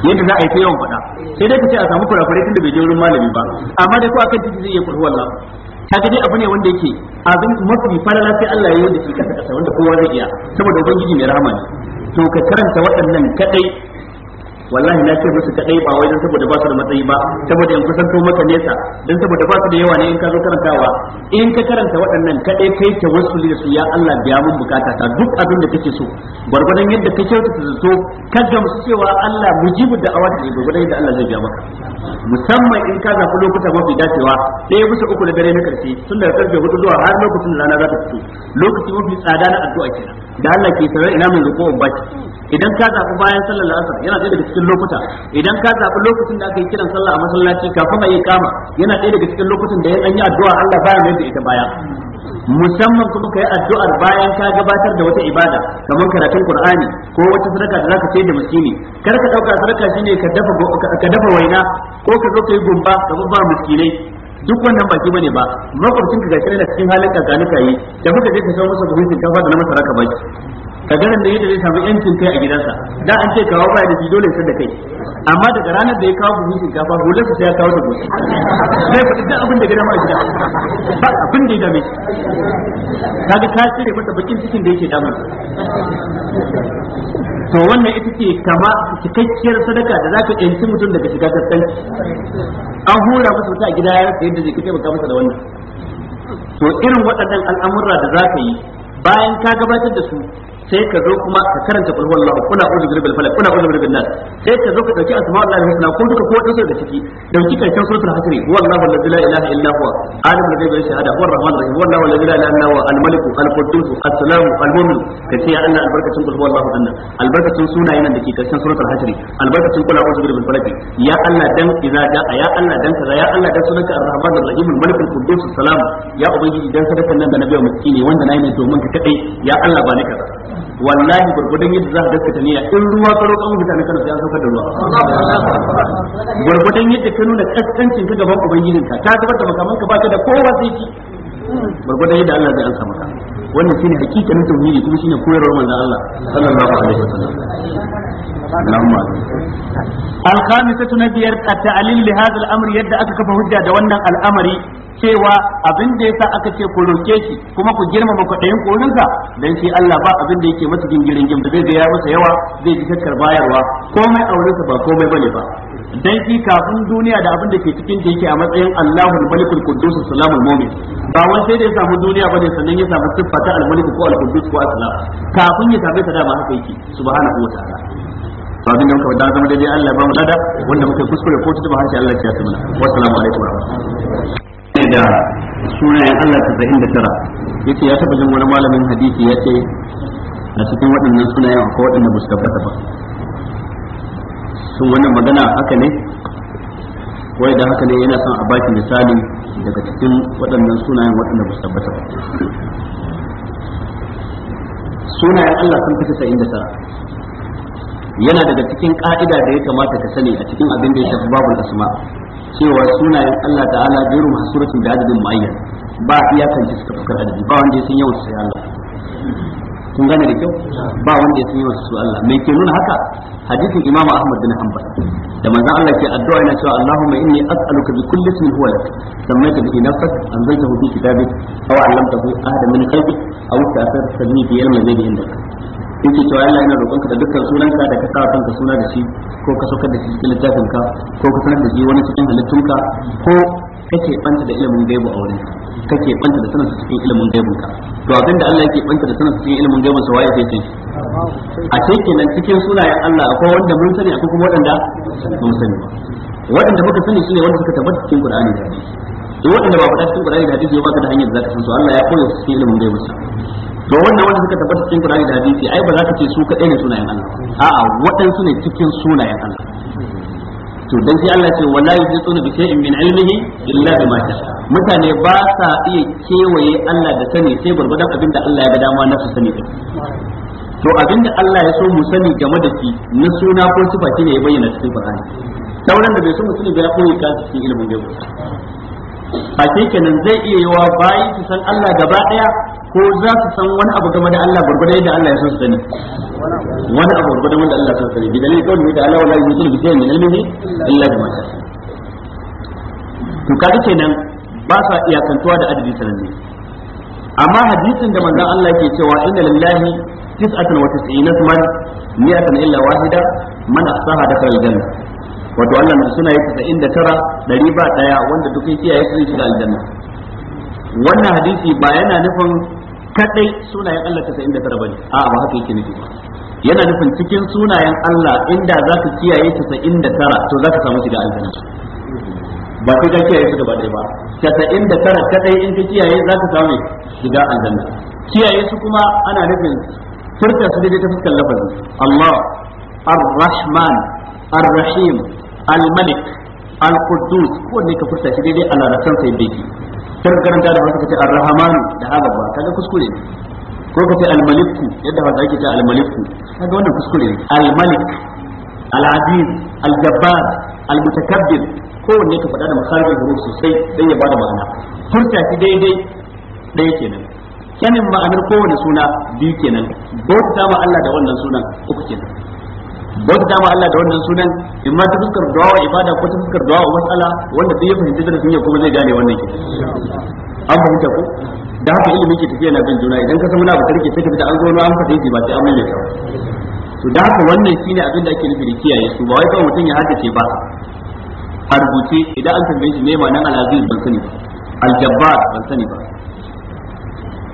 yadda za a yi ta yawan faɗa sai dai ka ce a samu kurakurai da bai je wurin malami ba amma dai ko akan titi zai iya kulhu Allah kaga dai abu ne wanda yake azum mafi fara sai Allah ya yi da shi kasa kasa wanda kowa zai iya saboda ubangiji mai rahama ne to ka karanta waɗannan kadai wallahi na ce musu kadai ba wai dan saboda ba su da matsayi ba saboda in kusanto maka nesa dan saboda ba su da yawa ne in ka zo karantawa in ka karanta waɗannan kadai kai ta wasu da su ya Allah biya mun bukata ta duk abin da kake so gwargwadon yadda ka so ta zato ka gamsu cewa Allah mujibu da awa da gwargwadon yadda Allah zai biya maka musamman in ka zafi lokuta mafi dacewa ɗaya bisa uku da dare na karshe tun daga karfe hudu zuwa har lokacin da rana za ta fito lokaci mafi tsada na addu'a kenan da Allah ke sanar ina mun zuko ba idan ka zaɓi bayan sallar la'asar yana ɗaya daga cikin lokuta idan ka zaɓi lokacin da aka yi kiran sallah a masallaci kafin a yi kama yana ɗaya daga cikin lokutan da ya ɗanyi addu'a Allah bayan yadda da ita baya musamman kuma ka yi addu'ar bayan ka gabatar da wata ibada kamar karatun Qur'ani ko wata sadaka da zaka ce da miskini kar ka ɗauka sadaka shine ka dafa ka dafa waina ko ka zo ka yi gumba ka ba miskinai duk wannan baki bane ba makwabcin ka gashi na cikin halin kakanuka yi da muka je ka samu masa buhun shinkafa da na masara ka baki ka ga da yadda zai samu yancin kai a gidansa da an ce kawo baya da shi dole sai da kai amma daga ranar da ya kawo buhun shinkafa dole sai ya kawo da buhun sai faɗi duk abin da gida ma gida ba abin da ya dame shi kaga ka cire masa bakin cikin da yake damar to wannan ita ce kama cikakkiyar sadaka da zaka yanci mutum daga shiga tattan an hura masa wuta a gida ya rasa yadda zai kace baka masa da wannan to irin waɗannan al'amurra da zaka yi bayan ka gabatar da su sai ka zo kuma ka karanta kul huwallahu kuna uzu bil falaq kuna uzu bil nas sai ka zo ka dauki asma'ullahi husna ko duka ko dace daga ciki dauki karshen suratul hasr wallahu allazi la ilaha illa huwa alimul ghaibi wa shahada huwa arrahman arrahim wallahu allazi la ilaha illa huwa al malik al quddus as salam al mu'min kace ya Allah albarkatun kul huwallahu anna albarkatun nan dake karshen suratul hasr albarkatun falaq ya Allah dan idza ya Allah dan kaza ya Allah dan sunanka arrahman arrahim al malik al quddus as salam ya ubangiji dan sadakan nan da nabi wa wanda nayi ne domin ka kadai ya Allah ba ni kaza wallahi gurgudan yadda za ka gaskata niyya in ruwa ka roƙa mutane kana sai an saukar da ruwa gurgudan yadda ka nuna kaskancin ka gaban ubangijinka ka zubar da makaman ka baka da kowa sai ki gurgudan yadda Allah zai ansa maka wannan shine hakikanin tauhidi kuma shine koyarwar manzon Allah sallallahu alaihi wasallam Allahumma الخامسة نبيار التعليل لهذا الأمر يد أكف هجة دوانا الأمر cewa abin da yasa aka ce ku roke shi kuma ku girmama kwaɗayin korinsa dan shi Allah ba abin da yake masa gingirin gim da zai ga ya masa yawa zai ji shakkar bayarwa komai aurensa ba komai bane ba dan shi kafin duniya da abin da ke cikin ta yake a matsayin Allahul Malikul Quddus Salamul Mu'min ba wani sai da ya samu duniya bane sannan ya samu siffa Al-Malik ko Al-Quddus ko Aslam kafin ya same ta da ba haka yake subhanahu wataala sabin to abin da muka da zama daidai Allah ba mu da wanda muka kuskure ko tuba sai Allah ya tsaya mana wassalamu alaikum da sunayen Allah tasa'in da tara yake ya taɓa jin wani malamin hadisi ya ce a cikin waɗannan sunayen akwai waɗanda ba su tabbata ba sun wannan magana haka ne wai da haka ne yana son a baki misali daga cikin waɗannan sunayen waɗanda ba su tabbata ba sunayen Allah sun fita Sa'in da tara yana daga cikin ka'ida da ya kamata ka sani a cikin abin da ya shafi babul asma' cewa sunayen Allah ta'ala gairu masu suratin da adadin muayyan ba a iya iyakance suka ɗaukar adadi ba wanda ya san yawan sai Allah kun gane da kyau ba wanda ya san yawan su Allah mai ke nuna haka hadisin Imam Ahmad bin Hanbal da manzon Allah ke addu'a yana cewa Allahumma inni as'aluka bi kulli ismin huwa lak sammaita bihi nafsak anzaltahu fi kitabik aw 'allamtahu ahada min khalqik aw ta'assarta bihi fi ilmi ghaibi yake cewa Allah yana roƙonka da dukkan sunanka da ka sa kanka suna da shi ko ka saukar da shi cikin littafin ka ko ka sanar da shi wani cikin ka ko kake banta da ilimin gaibu a wurin kake banta da sanar cikin ilimin gaibun ka to abin da Allah yake banta da sanar cikin ilimin gaibun sa waye sai a ce kenan cikin sunayen Allah akwai wanda mun sani akwai kuma waɗanda mun sani waɗanda muka sani shine wanda suka tabbata cikin Qur'ani da hadisi duk waɗanda ba faɗa cikin Qur'ani da hadisi ba ka da hanyar da zaka san su Allah ya koya cikin ilimin gaibun sa to wannan wanda suka tabbata cikin Qur'ani da hadisi ai ba za ka ce su kadai ne sunayen Allah a'a waɗansu ne cikin sunayen Allah to dan sai Allah ce wala yujituna bi shay'in min ilmihi illa bima sha mutane ba sa iya kewaye Allah da sani sai barbadan abin da Allah ya ga dama na su sani da to abinda Allah ya so mu sani game da shi na suna ko sifa ne ya bayyana cikin Qur'ani sauran da bai so mu sani ba ya koyi ka cikin ilimin gaibu a kenan zai iya yawa bayi su san Allah gaba daya ko za su san wani abu game da Allah gurgurdan yadda Allah ya san su sani wani abu gurgurdan wanda Allah ya san su sani bi dalilin kawai da Allah wala yuzilu bi shay'in min ilmihi illa bima mata to kaji kenan ba sa iyakantuwa da adadi sananne amma hadisin da manzon Allah ke cewa inna lillahi tis'atan wa tis'ina man mi'atan illa wahida man da dakhala aljanna wato Allah mai suna yi 99 dari ba daya wanda duk yake yi sun shiga aljanna wannan hadisi ba yana nufin kadai sunayen Allah 99 bane a'a ba haka yake nufi yana nufin cikin sunayen Allah inda za ka kiyaye 99 to za ka samu shiga aljanna ba sai ka kiyaye su gaba ɗaya ba 99 kadai in ka kiyaye za ka samu shiga aljanna kiyaye su kuma ana nufin furta su daidai ta fuskar lafazi Allah Ar-Rahman Ar-Rahim Al-Malik Al-Quddus ko ne ka furta shi daidai a larabtan sai biki sai ka karanta da hausa kace ar-rahmanu da haka ba kaga kuskure ne ko kace al-maliku yadda hausa yake ta al-maliku kaga wannan kuskure ne al-malik al-aziz al-jabbar al-mutakabbir kowanne ka faɗa da masarar huruf sosai dan ya bada ma'ana furta shi daidai ɗaya kenan sanin ma'anar kowane suna biyu kenan bauta ma Allah da wannan sunan uku kenan bauta ma Allah da wannan sunan in ma ta fuskar du'a ibada ko ta fuskar du'a mas'ala wanda duk ya fahimci darasin ya kuma zai gane wannan ke an fahimta ko da haka ilimi ke tafiya na bin juna idan ka san wani abu karke sai ka fita an zo an fata yake ba sai an mai to da haka wannan shine abin da ake nufi da kiyaye su ba wai kawai mutum ya hadace ba a rubuce idan an tambaye shi me ma'anar al-aziz ban sani ba al-jabbar ban sani ba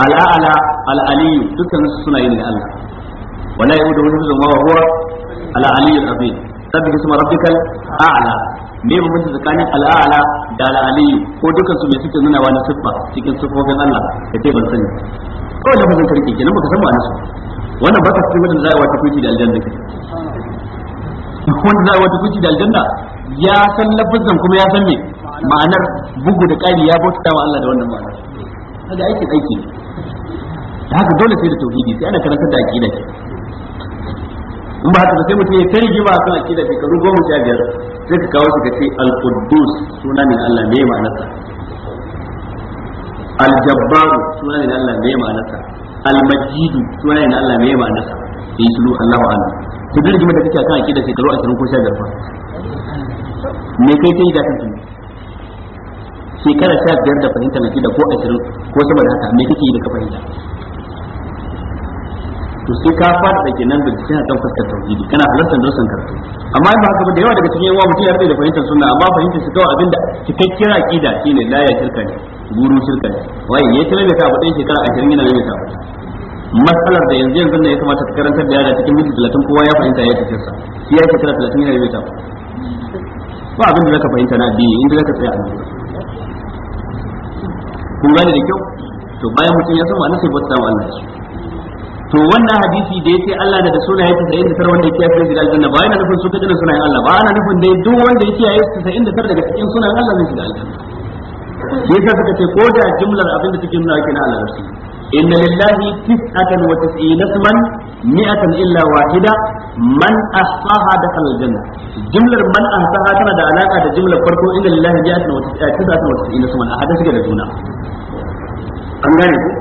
al-a'la al-aliyu dukkan su suna yin Allah wala yaudu wani zuwa wa huwa al-ali al-azim sabbi rabbi rabbikal a'la me bambanci tsakanin al'ala da al'aliyu ko dukkan su me suke nunawa na siffa cikin siffofin Allah da ce ban sani kawai da fasin karki kenan baka san ba nasu wannan baka cikin wajen za a wata kuci da aljanna ke wanda za a wata kuci da aljanna ya san lafazan kuma ya san me ma'anar bugu da ƙari ya bauta wa Allah da wannan ma'anar kaga aikin aiki ne da haka dole sai da tauhidi sai ana karantar da aqida ke in ba haka sai mutum ya ta rigima a kan shekaru goma sha biyar sai ka kawo su ka ce al suna ne Allah me ma'anarsa al suna ne Allah me ma'anarsa al suna ne Allah me ma'anarsa in shiru Allahu anhu to duk da kake akan akida shekaru 20 ko sha biyar fa me kai kai da kanka shekara sha biyar da fahimtar akida ko 20 ko sama da haka me kake yi da ka fahimta to sai ka fara da kenan binciken akan fuskar tauhidi kana halartar darsan karatu amma ba haka ba da yawa daga cikin yawa mutum ya rabe da fahimtar sunna amma fahimtar shi kawai abinda cikakken aqida shine la ya shirka ne guru shirka ne wai ya tare da ka abu ɗaya shekara 20 yana mai ta matsalar da yanzu yanzu ne ya kamata ka karantar da yara cikin minti talatin kowa ya fahimta ya tafi sa shi ya shekara talatin yana mai ta ba abinda zaka fahimta na addini inda zaka tsaya a nan kun gane da kyau to bayan mutum ya san ma'anar sai bauta wa Allah shi to wannan hadisi da yace Allah da sunaye 99 wanda yake yafe shiga aljanna ba yana nufin su kaje da sunayen Allah ba ana nufin dai duk wanda yake yafe 99 daga cikin sunayen Allah zai shiga aljanna yasa suka ce ko da jumlar abin da take nuna kina Allah rasul inna lillahi tis'atan wa tis'ina isman mi'atan illa wahida man ahsaha dakhala aljanna jumlar man ahsaha tana da alaka da jumlar farko inna lillahi mi'atan wa tis'atan wa tis'ina isman a hada suke da juna an gane ku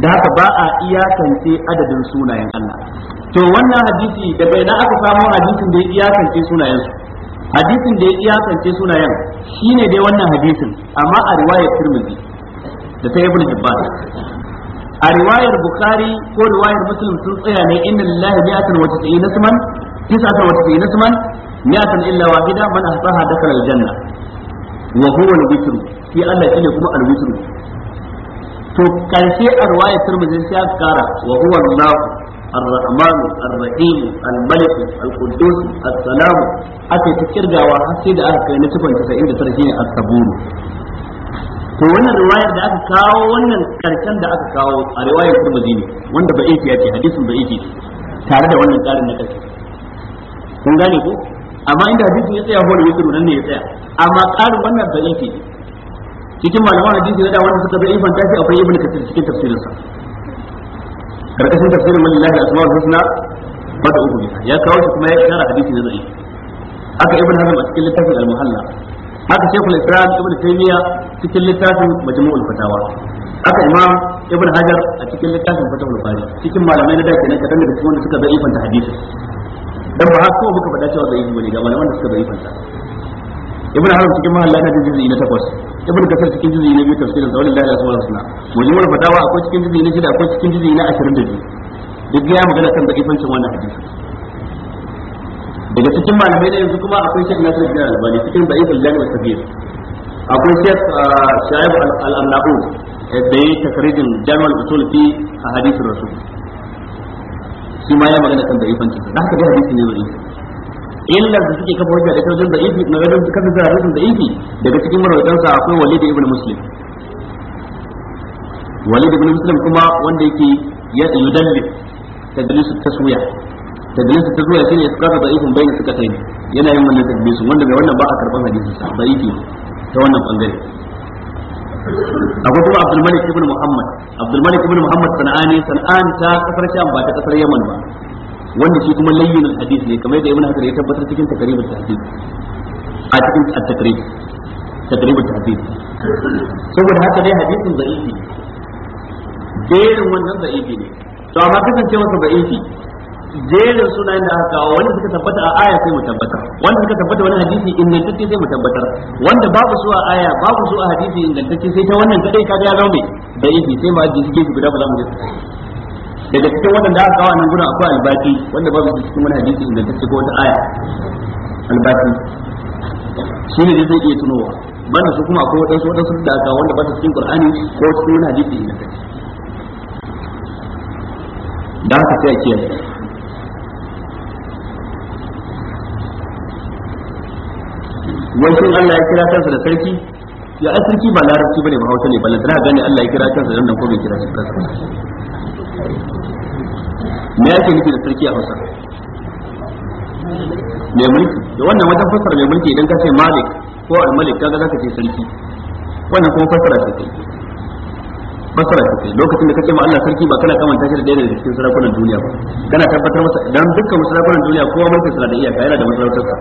da haka ba a iyakance adadin sunayen Allah to wannan hadisi da bai na aka samu hadisin da ya iyakance sunayen su hadisin da ya iyakance sunayen shine dai wannan hadisin amma a riwayar Tirmidhi da ta Ibn Hibban a riwayar Bukhari ko riwayar Muslim sun tsaya ne inna lillahi mi'atan wa tis'ina isman tis'atan wa tis'ina isman mi'atan illa wahida man ahsaha dakhala al-janna wa huwa al-witr fi Allah shine kuma al-witr to karshe a ruwaya turmuzi sai aka kara wa huwa Allah الرحمن الرحيم الملك القدوس السلام aka ta kirgawa har sai da aka kai na cikon 99 shine as-sabur to wannan riwayar da aka kawo wannan karshen da aka kawo a riwayar Tirmidhi ne wanda ba yake yace hadisin ba yake tare da wannan tsarin na karshe kun gane ko amma inda hadisin ya tsaya hore witru nan ne ya tsaya amma karin wannan ba yake cikin malaman hadisi na da wanda suka bai ifan tashi akwai ibnu kathir cikin tafsirin tafsirinsa karkashin tafsirin lillahi asmaul husna bada uku ya kawo shi kuma ya kara hadisi na zai haka ibn hazm a cikin littafin al-muhalla haka shaykhul islam ibn taymiya cikin littafin majmu'ul fatawa haka imam ibn hajar a cikin littafin fatahul bari cikin malamai na da kenan kadan da cikin wanda suka zai ifanta hadisi dan ba haka muka faɗa cewa zai yi bane ga malaman da suka zai ifanta ibn hazm cikin mahalla na juz'i na takwas ibn kasar cikin juz'i na biyu tafsirin sa wallahi la subhanahu wa ta'ala fatawa akwai cikin juz'i na shida akwai cikin juz'i na 22 duk ya magana kan dakifancin wannan hadisi daga cikin malamai na yanzu kuma akwai shek nasir bin albani cikin da'if al-jami wa sabir akwai shek ah, shaib al-annabu eh, da yi takarijin jamal usul fi a hadisin rasul shi ma ya magana kan da'ifancin da haka dai hadisi ne mai illa da suke kafa hujja da ta wajen da ifi na wajen kan da hadisin da ifi daga cikin marwatan sa akwai Walid ibn Muslim Walid ibn Muslim kuma wanda yake yudallis tadlis taswiya tadlis taswiya shine iskata da'ifin suka tayi yana yin wannan tadlisin wanda bai wannan ba a karban hadisin sa da'ifi ta wannan bangare akwai kuma Abdul Malik ibn Muhammad Abdul Malik ibn Muhammad sana'ani sana'an ta kasar Sham ba ta kasar Yaman ba wanda shi kuma layyin hadisi ne kamar da ibn hajar ya tabbatar cikin takribul tahdid a cikin at-takrib takribul tahdid saboda haka dai hadisin da'ifi jerin wannan da'ifi ne to amma kasance ka da'ifi jerin suna da aka kawo wanda suka tabbata a aya sai mu tabbata wanda suka tabbata wani hadisi ingantacce sai mu tabbatar wanda babu su a aya babu su a hadisi ingantacce sai ta wannan kadai kaga ya zama mai da'ifi sai ma ji suke guda ba za mu je daga cikin da aka kawo nan gurin akwai albaki wanda babu su cikin wani hadisi inda ta ko wata aya albaki shi ne zai iya tunowa banda su kuma akwai waɗansu wadansu da aka wanda ba su cikin qur'ani ko cikin wani hadisi inda ta da aka sai a kiyaye Allah ya kira kansa da sarki ya asirki ba larabci bane ba hausa ne balantana gani Allah ya kira kansa da nan ko bai kira kansa me yake nufi da sarki a Hausa mai mulki da wannan wajen fassara mai mulki idan ka ce malik ko al-malik kaga zaka ce sarki wannan kuma fassara ce kai fassara ce lokacin da kace ma Allah sarki ba kana kamanta shi da ɗaya da cikin sarakunan duniya ba kana tabbatar masa dan dukkan sarakunan duniya kowa mulkin sa da iyaka yana da masarautar sa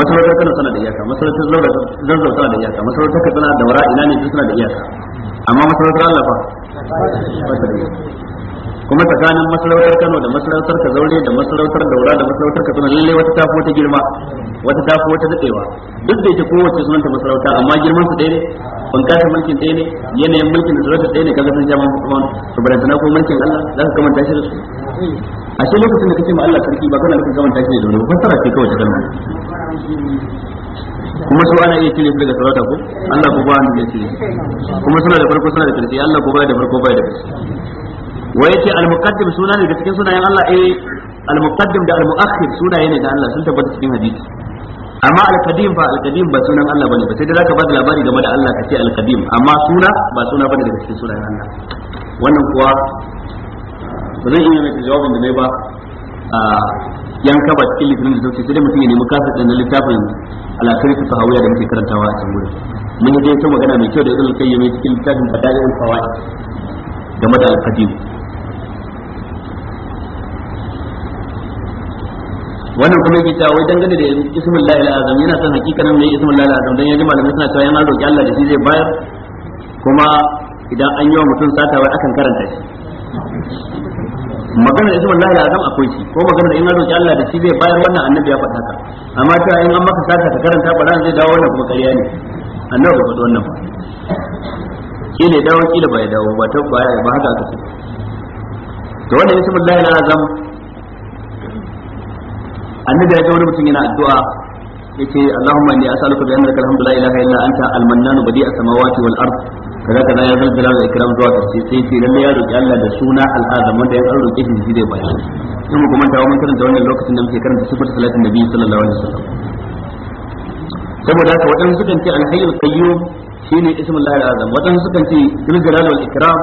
masarautar kana sana da iyaka masarautar zazzau sana da iyaka masarautar ka sana da wara ina ne suna da iyaka amma masarautar Allah fa ba ta da iyaka kuma tsakanin masarautar Kano da masarautar Kazaure da masarautar Daura da masarautar Katsina lalle wata tafi wata girma wata tafi wata dadewa duk da yake kowace sunanta masarauta amma girman su ɗaya ne bunƙasar mulkin ɗaya ne yanayin mulkin da sarauta ɗaya ne kaga sun jama Kuma su barantana ko mulkin Allah za ka kamanta shi da su a shi lokacin da kake ma Allah sarki ba kana nufin kamanta shi da wani fassara ce kawai ta kalma kuma su ana iya cire su daga sarauta ko Allah ko ba ni ya cire kuma suna da farko suna da ƙarshe Allah ko ba da farko ba da ƙarshe wa yace al-muqaddim suna ne daga cikin sunayen Allah eh al-muqaddim da al-mu'akhir sunaye ne da Allah sun tabbata cikin hadisi amma al-qadim fa al-qadim ba sunan Allah bane ba sai dai zaka bada labari game da Allah kace al-qadim amma suna ba suna bane daga cikin sunayen Allah wannan kuwa ba zan iya mai jawabin da nayi ba a yanka ba cikin litinin da sauke sai dai mutum ya nemi kasa da littafin al-akhir ta hawiya da muke karantawa a cikin mun yi dai ta magana mai kyau da ibn al-qayyim cikin littafin fadailul fawaid game da al-qadim wannan kuma yake cewa wai dangane da ismul lahi azam yana son hakikanin mai ismul lahi azam dan yaji malamai suna cewa yana roki Allah da shi zai bayar kuma idan an yi wa mutum sata wai akan karanta shi magana da ismul lahi azam akwai shi ko magana da in an roki Allah da shi zai bayar wannan annabi ya faɗa haka amma ta in an maka sata ka karanta ba zai dawo wannan kuma ƙarya ne annabi ba faɗi wannan ba kila ya dawo kila ba ya dawo ba ta ba haka aka ce to wannan ismul lahi azam annabi ya ga wani mutum yana addu'a yace Allahumma inni as'aluka bi annaka alhamdu la ilaha illa anta al-mannan badi as-samawati wal ard kaza kaza ya zalzala da ikram zuwa karshe sai sai lalle ya roki Allah da suna al-azam wanda ya roki shi shi zai bayar sai mu kuma dawo mun karanta wannan lokacin da muke karanta sifar salatin nabi sallallahu alaihi wasallam saboda haka wadansu sukan ce al-hayyul qayyum shine ismul lahi al-azam wadansu sukan ce zalzala wal ikram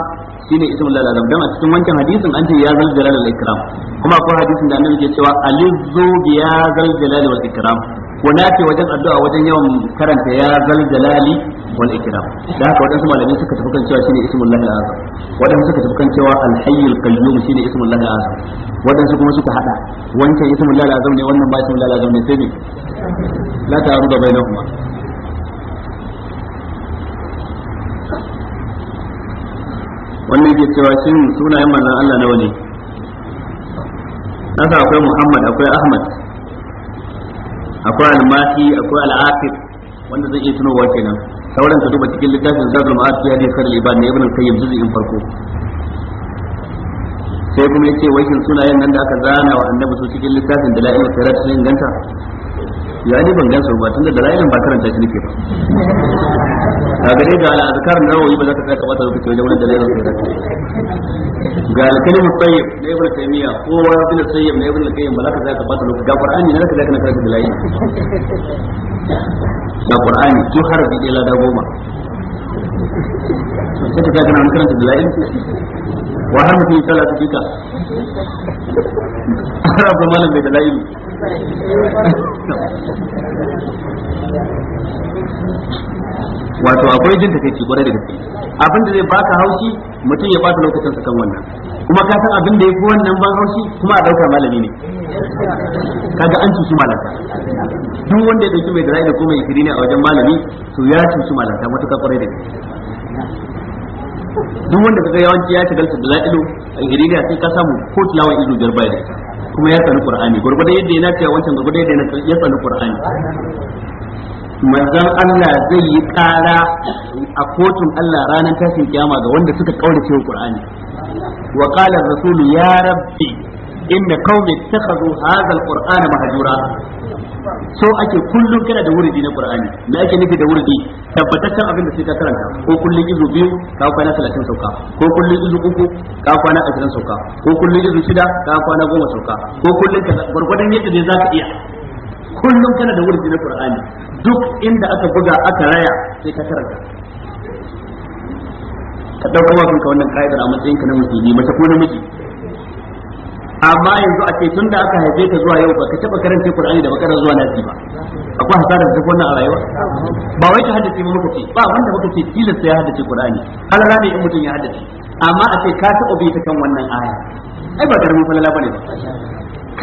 shine dan a cikin wancan hadisin an ce ya zal jalal wal ikram kuma akwai hadisin da annabi ke cewa alizzu bi ya zal jalal wal ikram ko na ce wajen addu'a wajen yawan karanta ya zal jalali wal ikram da haka wadansu malamai suka tafi kan cewa shine azam wadansu suka tafi kan cewa al hayyul qayyum shine azam wadansu kuma suka hada wancan ne wannan ba ismul ne sai ne la ta'arudu bainahuma wannan ke cewa shin sunayen manzon Allah nawa ne nasa akwai Muhammad akwai Ahmad akwai Al-Mahdi akwai Al-Aqib wanda zai iya tunowa kenan sauran ka duba cikin littafin Zadul Ma'ad fi ne Khalil Ibad na Ibn Qayyim juz'in farko sai kuma yace wai shin sunayen nan da aka zana wa annabi su cikin littafin Dalail al-Khairat sun inganta ya ni ban gansu ba tunda Dalailin ba karanta shi nake ba ka gane ga al'azkar nawawi ba a ka tsaya wata lokaci wajen wannan dalilin da ga al-kalimu tayyib na ibnu taymiya ko wa ibnu tayyib na ibnu qayyim ba za ka da ga qur'ani ne za kana karanta da layi ga qur'ani duk harafi ɗaya lada goma sai ka kana an karanta bila'i wa har mutum sallah ta fika har abu malam bai bila'i wato akwai jin da takaici kwarai da gaske abin da zai baka haushi mutum ya bata lokacin sa kan wannan kuma ka san abin da yafi wannan ban haushi kuma a dauka malami ne kaga an cuci malanta duk wanda ya dauki mai da da kuma ya kiri ne a wajen malami to ya cuci malanta matuƙa kwarai da gaske duk wanda kaga yawanci ya shiga da la'ilu alhiriya sai ka samu ko tilawan izu biyar bai da kuma ya sani qur'ani gurgurda yadda yana cewa wancan gurgurda yadda yana ya sani qur'ani manzon Allah zai yi ƙara a kotun Allah ranar tashin kiyama ga wanda suka kaurace cewa qur'ani wa qala rasulu ya rabbi inna qaumi ittakhadhu hadha alqur'ana mahjura so ake kullum kana da wuridi na qur'ani me ake nufi da wuridi tabbataccen abin da sai ka karanta ko kullun izu biyu ka kwana 30 sauka ko kullun izu uku ka kwana 20 sauka ko kullun izu shida ka kwana 10 sauka ko kullun ka gurgurdan yadda ne zaka iya kullum kana da wuridi na qur'ani duk inda aka buga aka raya sai ka karanta ka dauko wa ka wannan ka'idar a matsayinka ka na musulmi mace ko namiji amma yanzu a ce tun da aka haife ka zuwa yau baka taba karanta Qur'ani da bakarar zuwa nasi ba akwai hasara da wannan a rayuwa ba wai ka haddace mu muka ce ba wanda muka ce tilasta ya haddace Qur'ani halala ne in mutum ya haddace amma a ce ka taba bi ta kan wannan aya ai ba karamin falala bane ba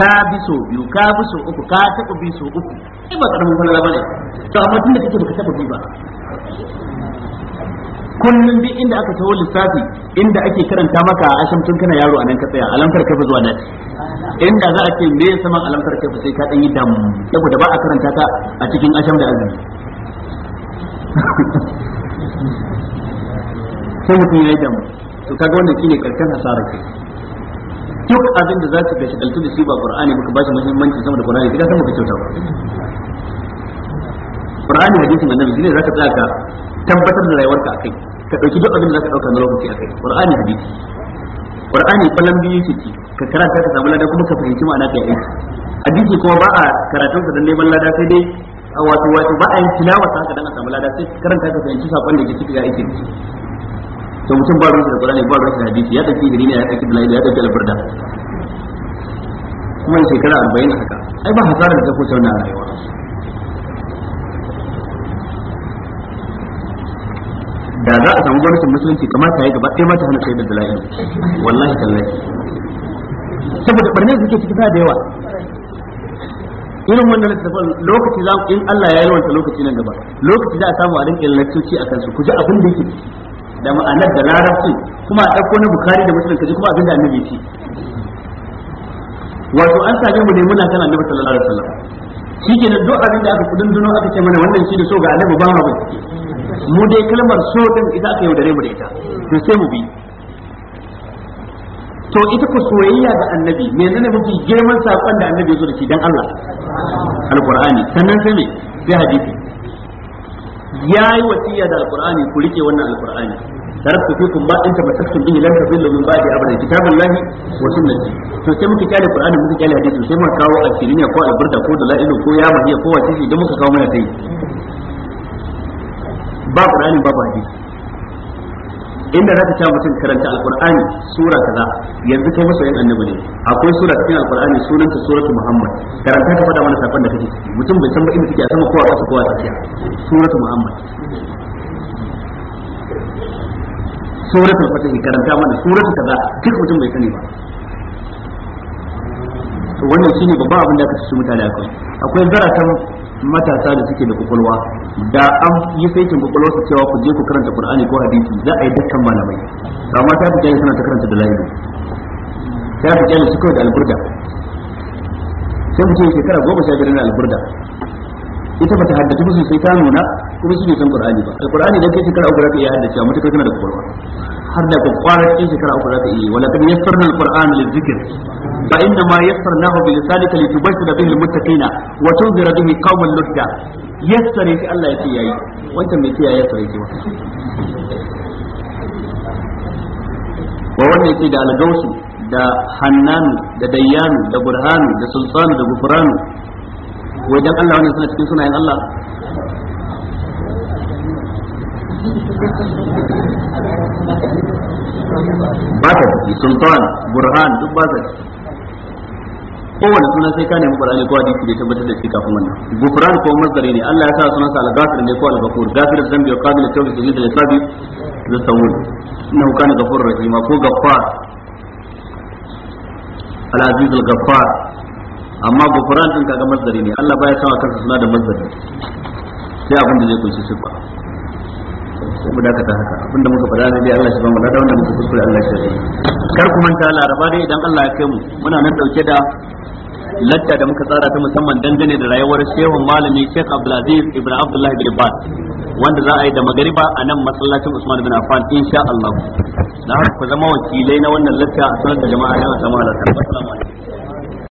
ka bi so biyu ka bi so uku ka taba bi so uku ai ba karamin falala bane to amma tun da kake baka taba bi ba kullum duk inda aka taho lissafi inda ake karanta maka a asham tun kana yaro anan ka tsaya alamkar kafa zuwa nan inda za a ce me saman alamkar kafa sai ka dan yi dam saboda ba a karanta ta a cikin asham da azumi sai mutum ya yi damu to kaga wannan shine karshen hasara kai duk abin da za ka ga dalilin da shi ba qur'ani muka bashi muhimmanci sama da qur'ani kaga san muka kyauta ba qur'ani hadisin annabi shine zaka tsaya ka tabbatar da ka akai ka dauki duk abin da zaka dauka na lokaci akai qur'ani hadisi qur'ani kullum biyu ciki ka karanta ka samu lada kuma ka fahimci ma'ana ka aiki hadisi kuma ba a karatun sa dan neman lada sai dai wato wato ba a yin tilawa ka dan a samu lada sai karanta ka fahimci sakon da ke ciki ya aiki to mutum ba ruwa da qur'ani ba ruwa da hadisi ya dauki gari ne ya dauki dalili ya dauki alburda kuma shekara 40 haka ai ba hasara da ta kusa wannan rayuwa da za a samu gwamnatin musulunci kamata ya gaba ɗaya mata hana sai da dalail wallahi tallahi saboda da suke ciki da yawa irin wannan littafin lokaci za in Allah ya yi wanta lokaci nan gaba lokaci za a samu a rinƙin lakcoci a kansu ku ji abin da yake da ma'anar da larabci kuma a ɗauko na bukari da musulun kaji kuma abin da annabi ce wato an sami mu ne muna kan annabi sallallahu alaihi wasallam ke duk abin da aka kudin duno aka ce mana wannan shi da so ga annabi ba ma bincike mu dai kalmar so din ita aka yaudare mu da ita to sai mu bi to ita ku soyayya ga annabi menene muke girman sakon da annabi ya zo da shi dan Allah alqur'ani sannan sai me sai hadisi yayi wasiya da alqur'ani ku rike wannan alqur'ani taraktu fikum ma anta masaktum bin lan tadillu min ba'di abadan lahi wa sunnati to sai muka kyale qur'ani muka kyale hadisi sai muka kawo asirinya ko alburda ko dalailu ko ya mahiya ko wace da muka kawo mana sai ba qur'ani ba hadisi inda zaka ta mutum karanta alqur'ani sura kaza yanzu kai masoyin annabi ne akwai sura cikin alqur'ani sunanta suratu muhammad karanta ta faɗa mana sakon da kake ciki mutum bai san ba inda kike a sama ko a ƙasa ko a tsakiya suratu muhammad suratul fatih karanta mana suratu kaza duk mutum bai sani ba wannan shine babban abin da aka ci mutane akwai akwai zaratan matasa da suke da kwakwalwa da an yi kwakwalwa su cewa ku je ku karanta qur'ani ko hadisi za a yi dukkan malamai amma ta fi kyale suna ta karanta da la'ilu ta fi kyale su kawai da alburda sai mu ce shekara goma sha biyar na alburda ita bata haddace musu sai ta nuna kuma su ne san qur'ani ba alqur'ani da kai shekara uku zaka iya haddace amma kai kana da kwarwa har da kwakwarar cikin shekara uku zaka iya wala kan yassarna alqur'ana lizikr fa inna ma yassarnahu bi lisanika tubashira bihi almuttaqina wa tunzira bihi qawman ludda yassare shi Allah ya ce yayi wancan mai ce ya yassare shi ba wa wannan ce da algausu da hannanu da dayyanu da burhanu da sultanu da gufranu wajen Allah wannan suna cikin sunayen Allah ba ta sultan burhan duk ba ta kowane suna sai ka nemi qur'ani ko hadisi da tabbatar da shi kafin wannan gufran ko mazari ne Allah ya sa sunan sa al-ghafir ne ko al-ghafur ghafir zambi wa qabil tawbi sujud al-sabi da tawul innahu kana ghafurur rahim ko ghaffar al-aziz al-ghaffar amma gufran din kaga mazari ne Allah baya sa kansa suna da mazari sai abin da zai kunshi sifa sai da muka kar ku manta laraba dai idan Allah ya kai mu muna nan dauke da latta da muka tsara ta musamman dangane da rayuwar Shehu malami Sheikh Abdulaziz Ibn Abdullah bin Bad wanda za a yi da magariba a nan masallacin Usman bin Affan insha Allah na ku zama wakilai na wannan latta a sanar da jama'a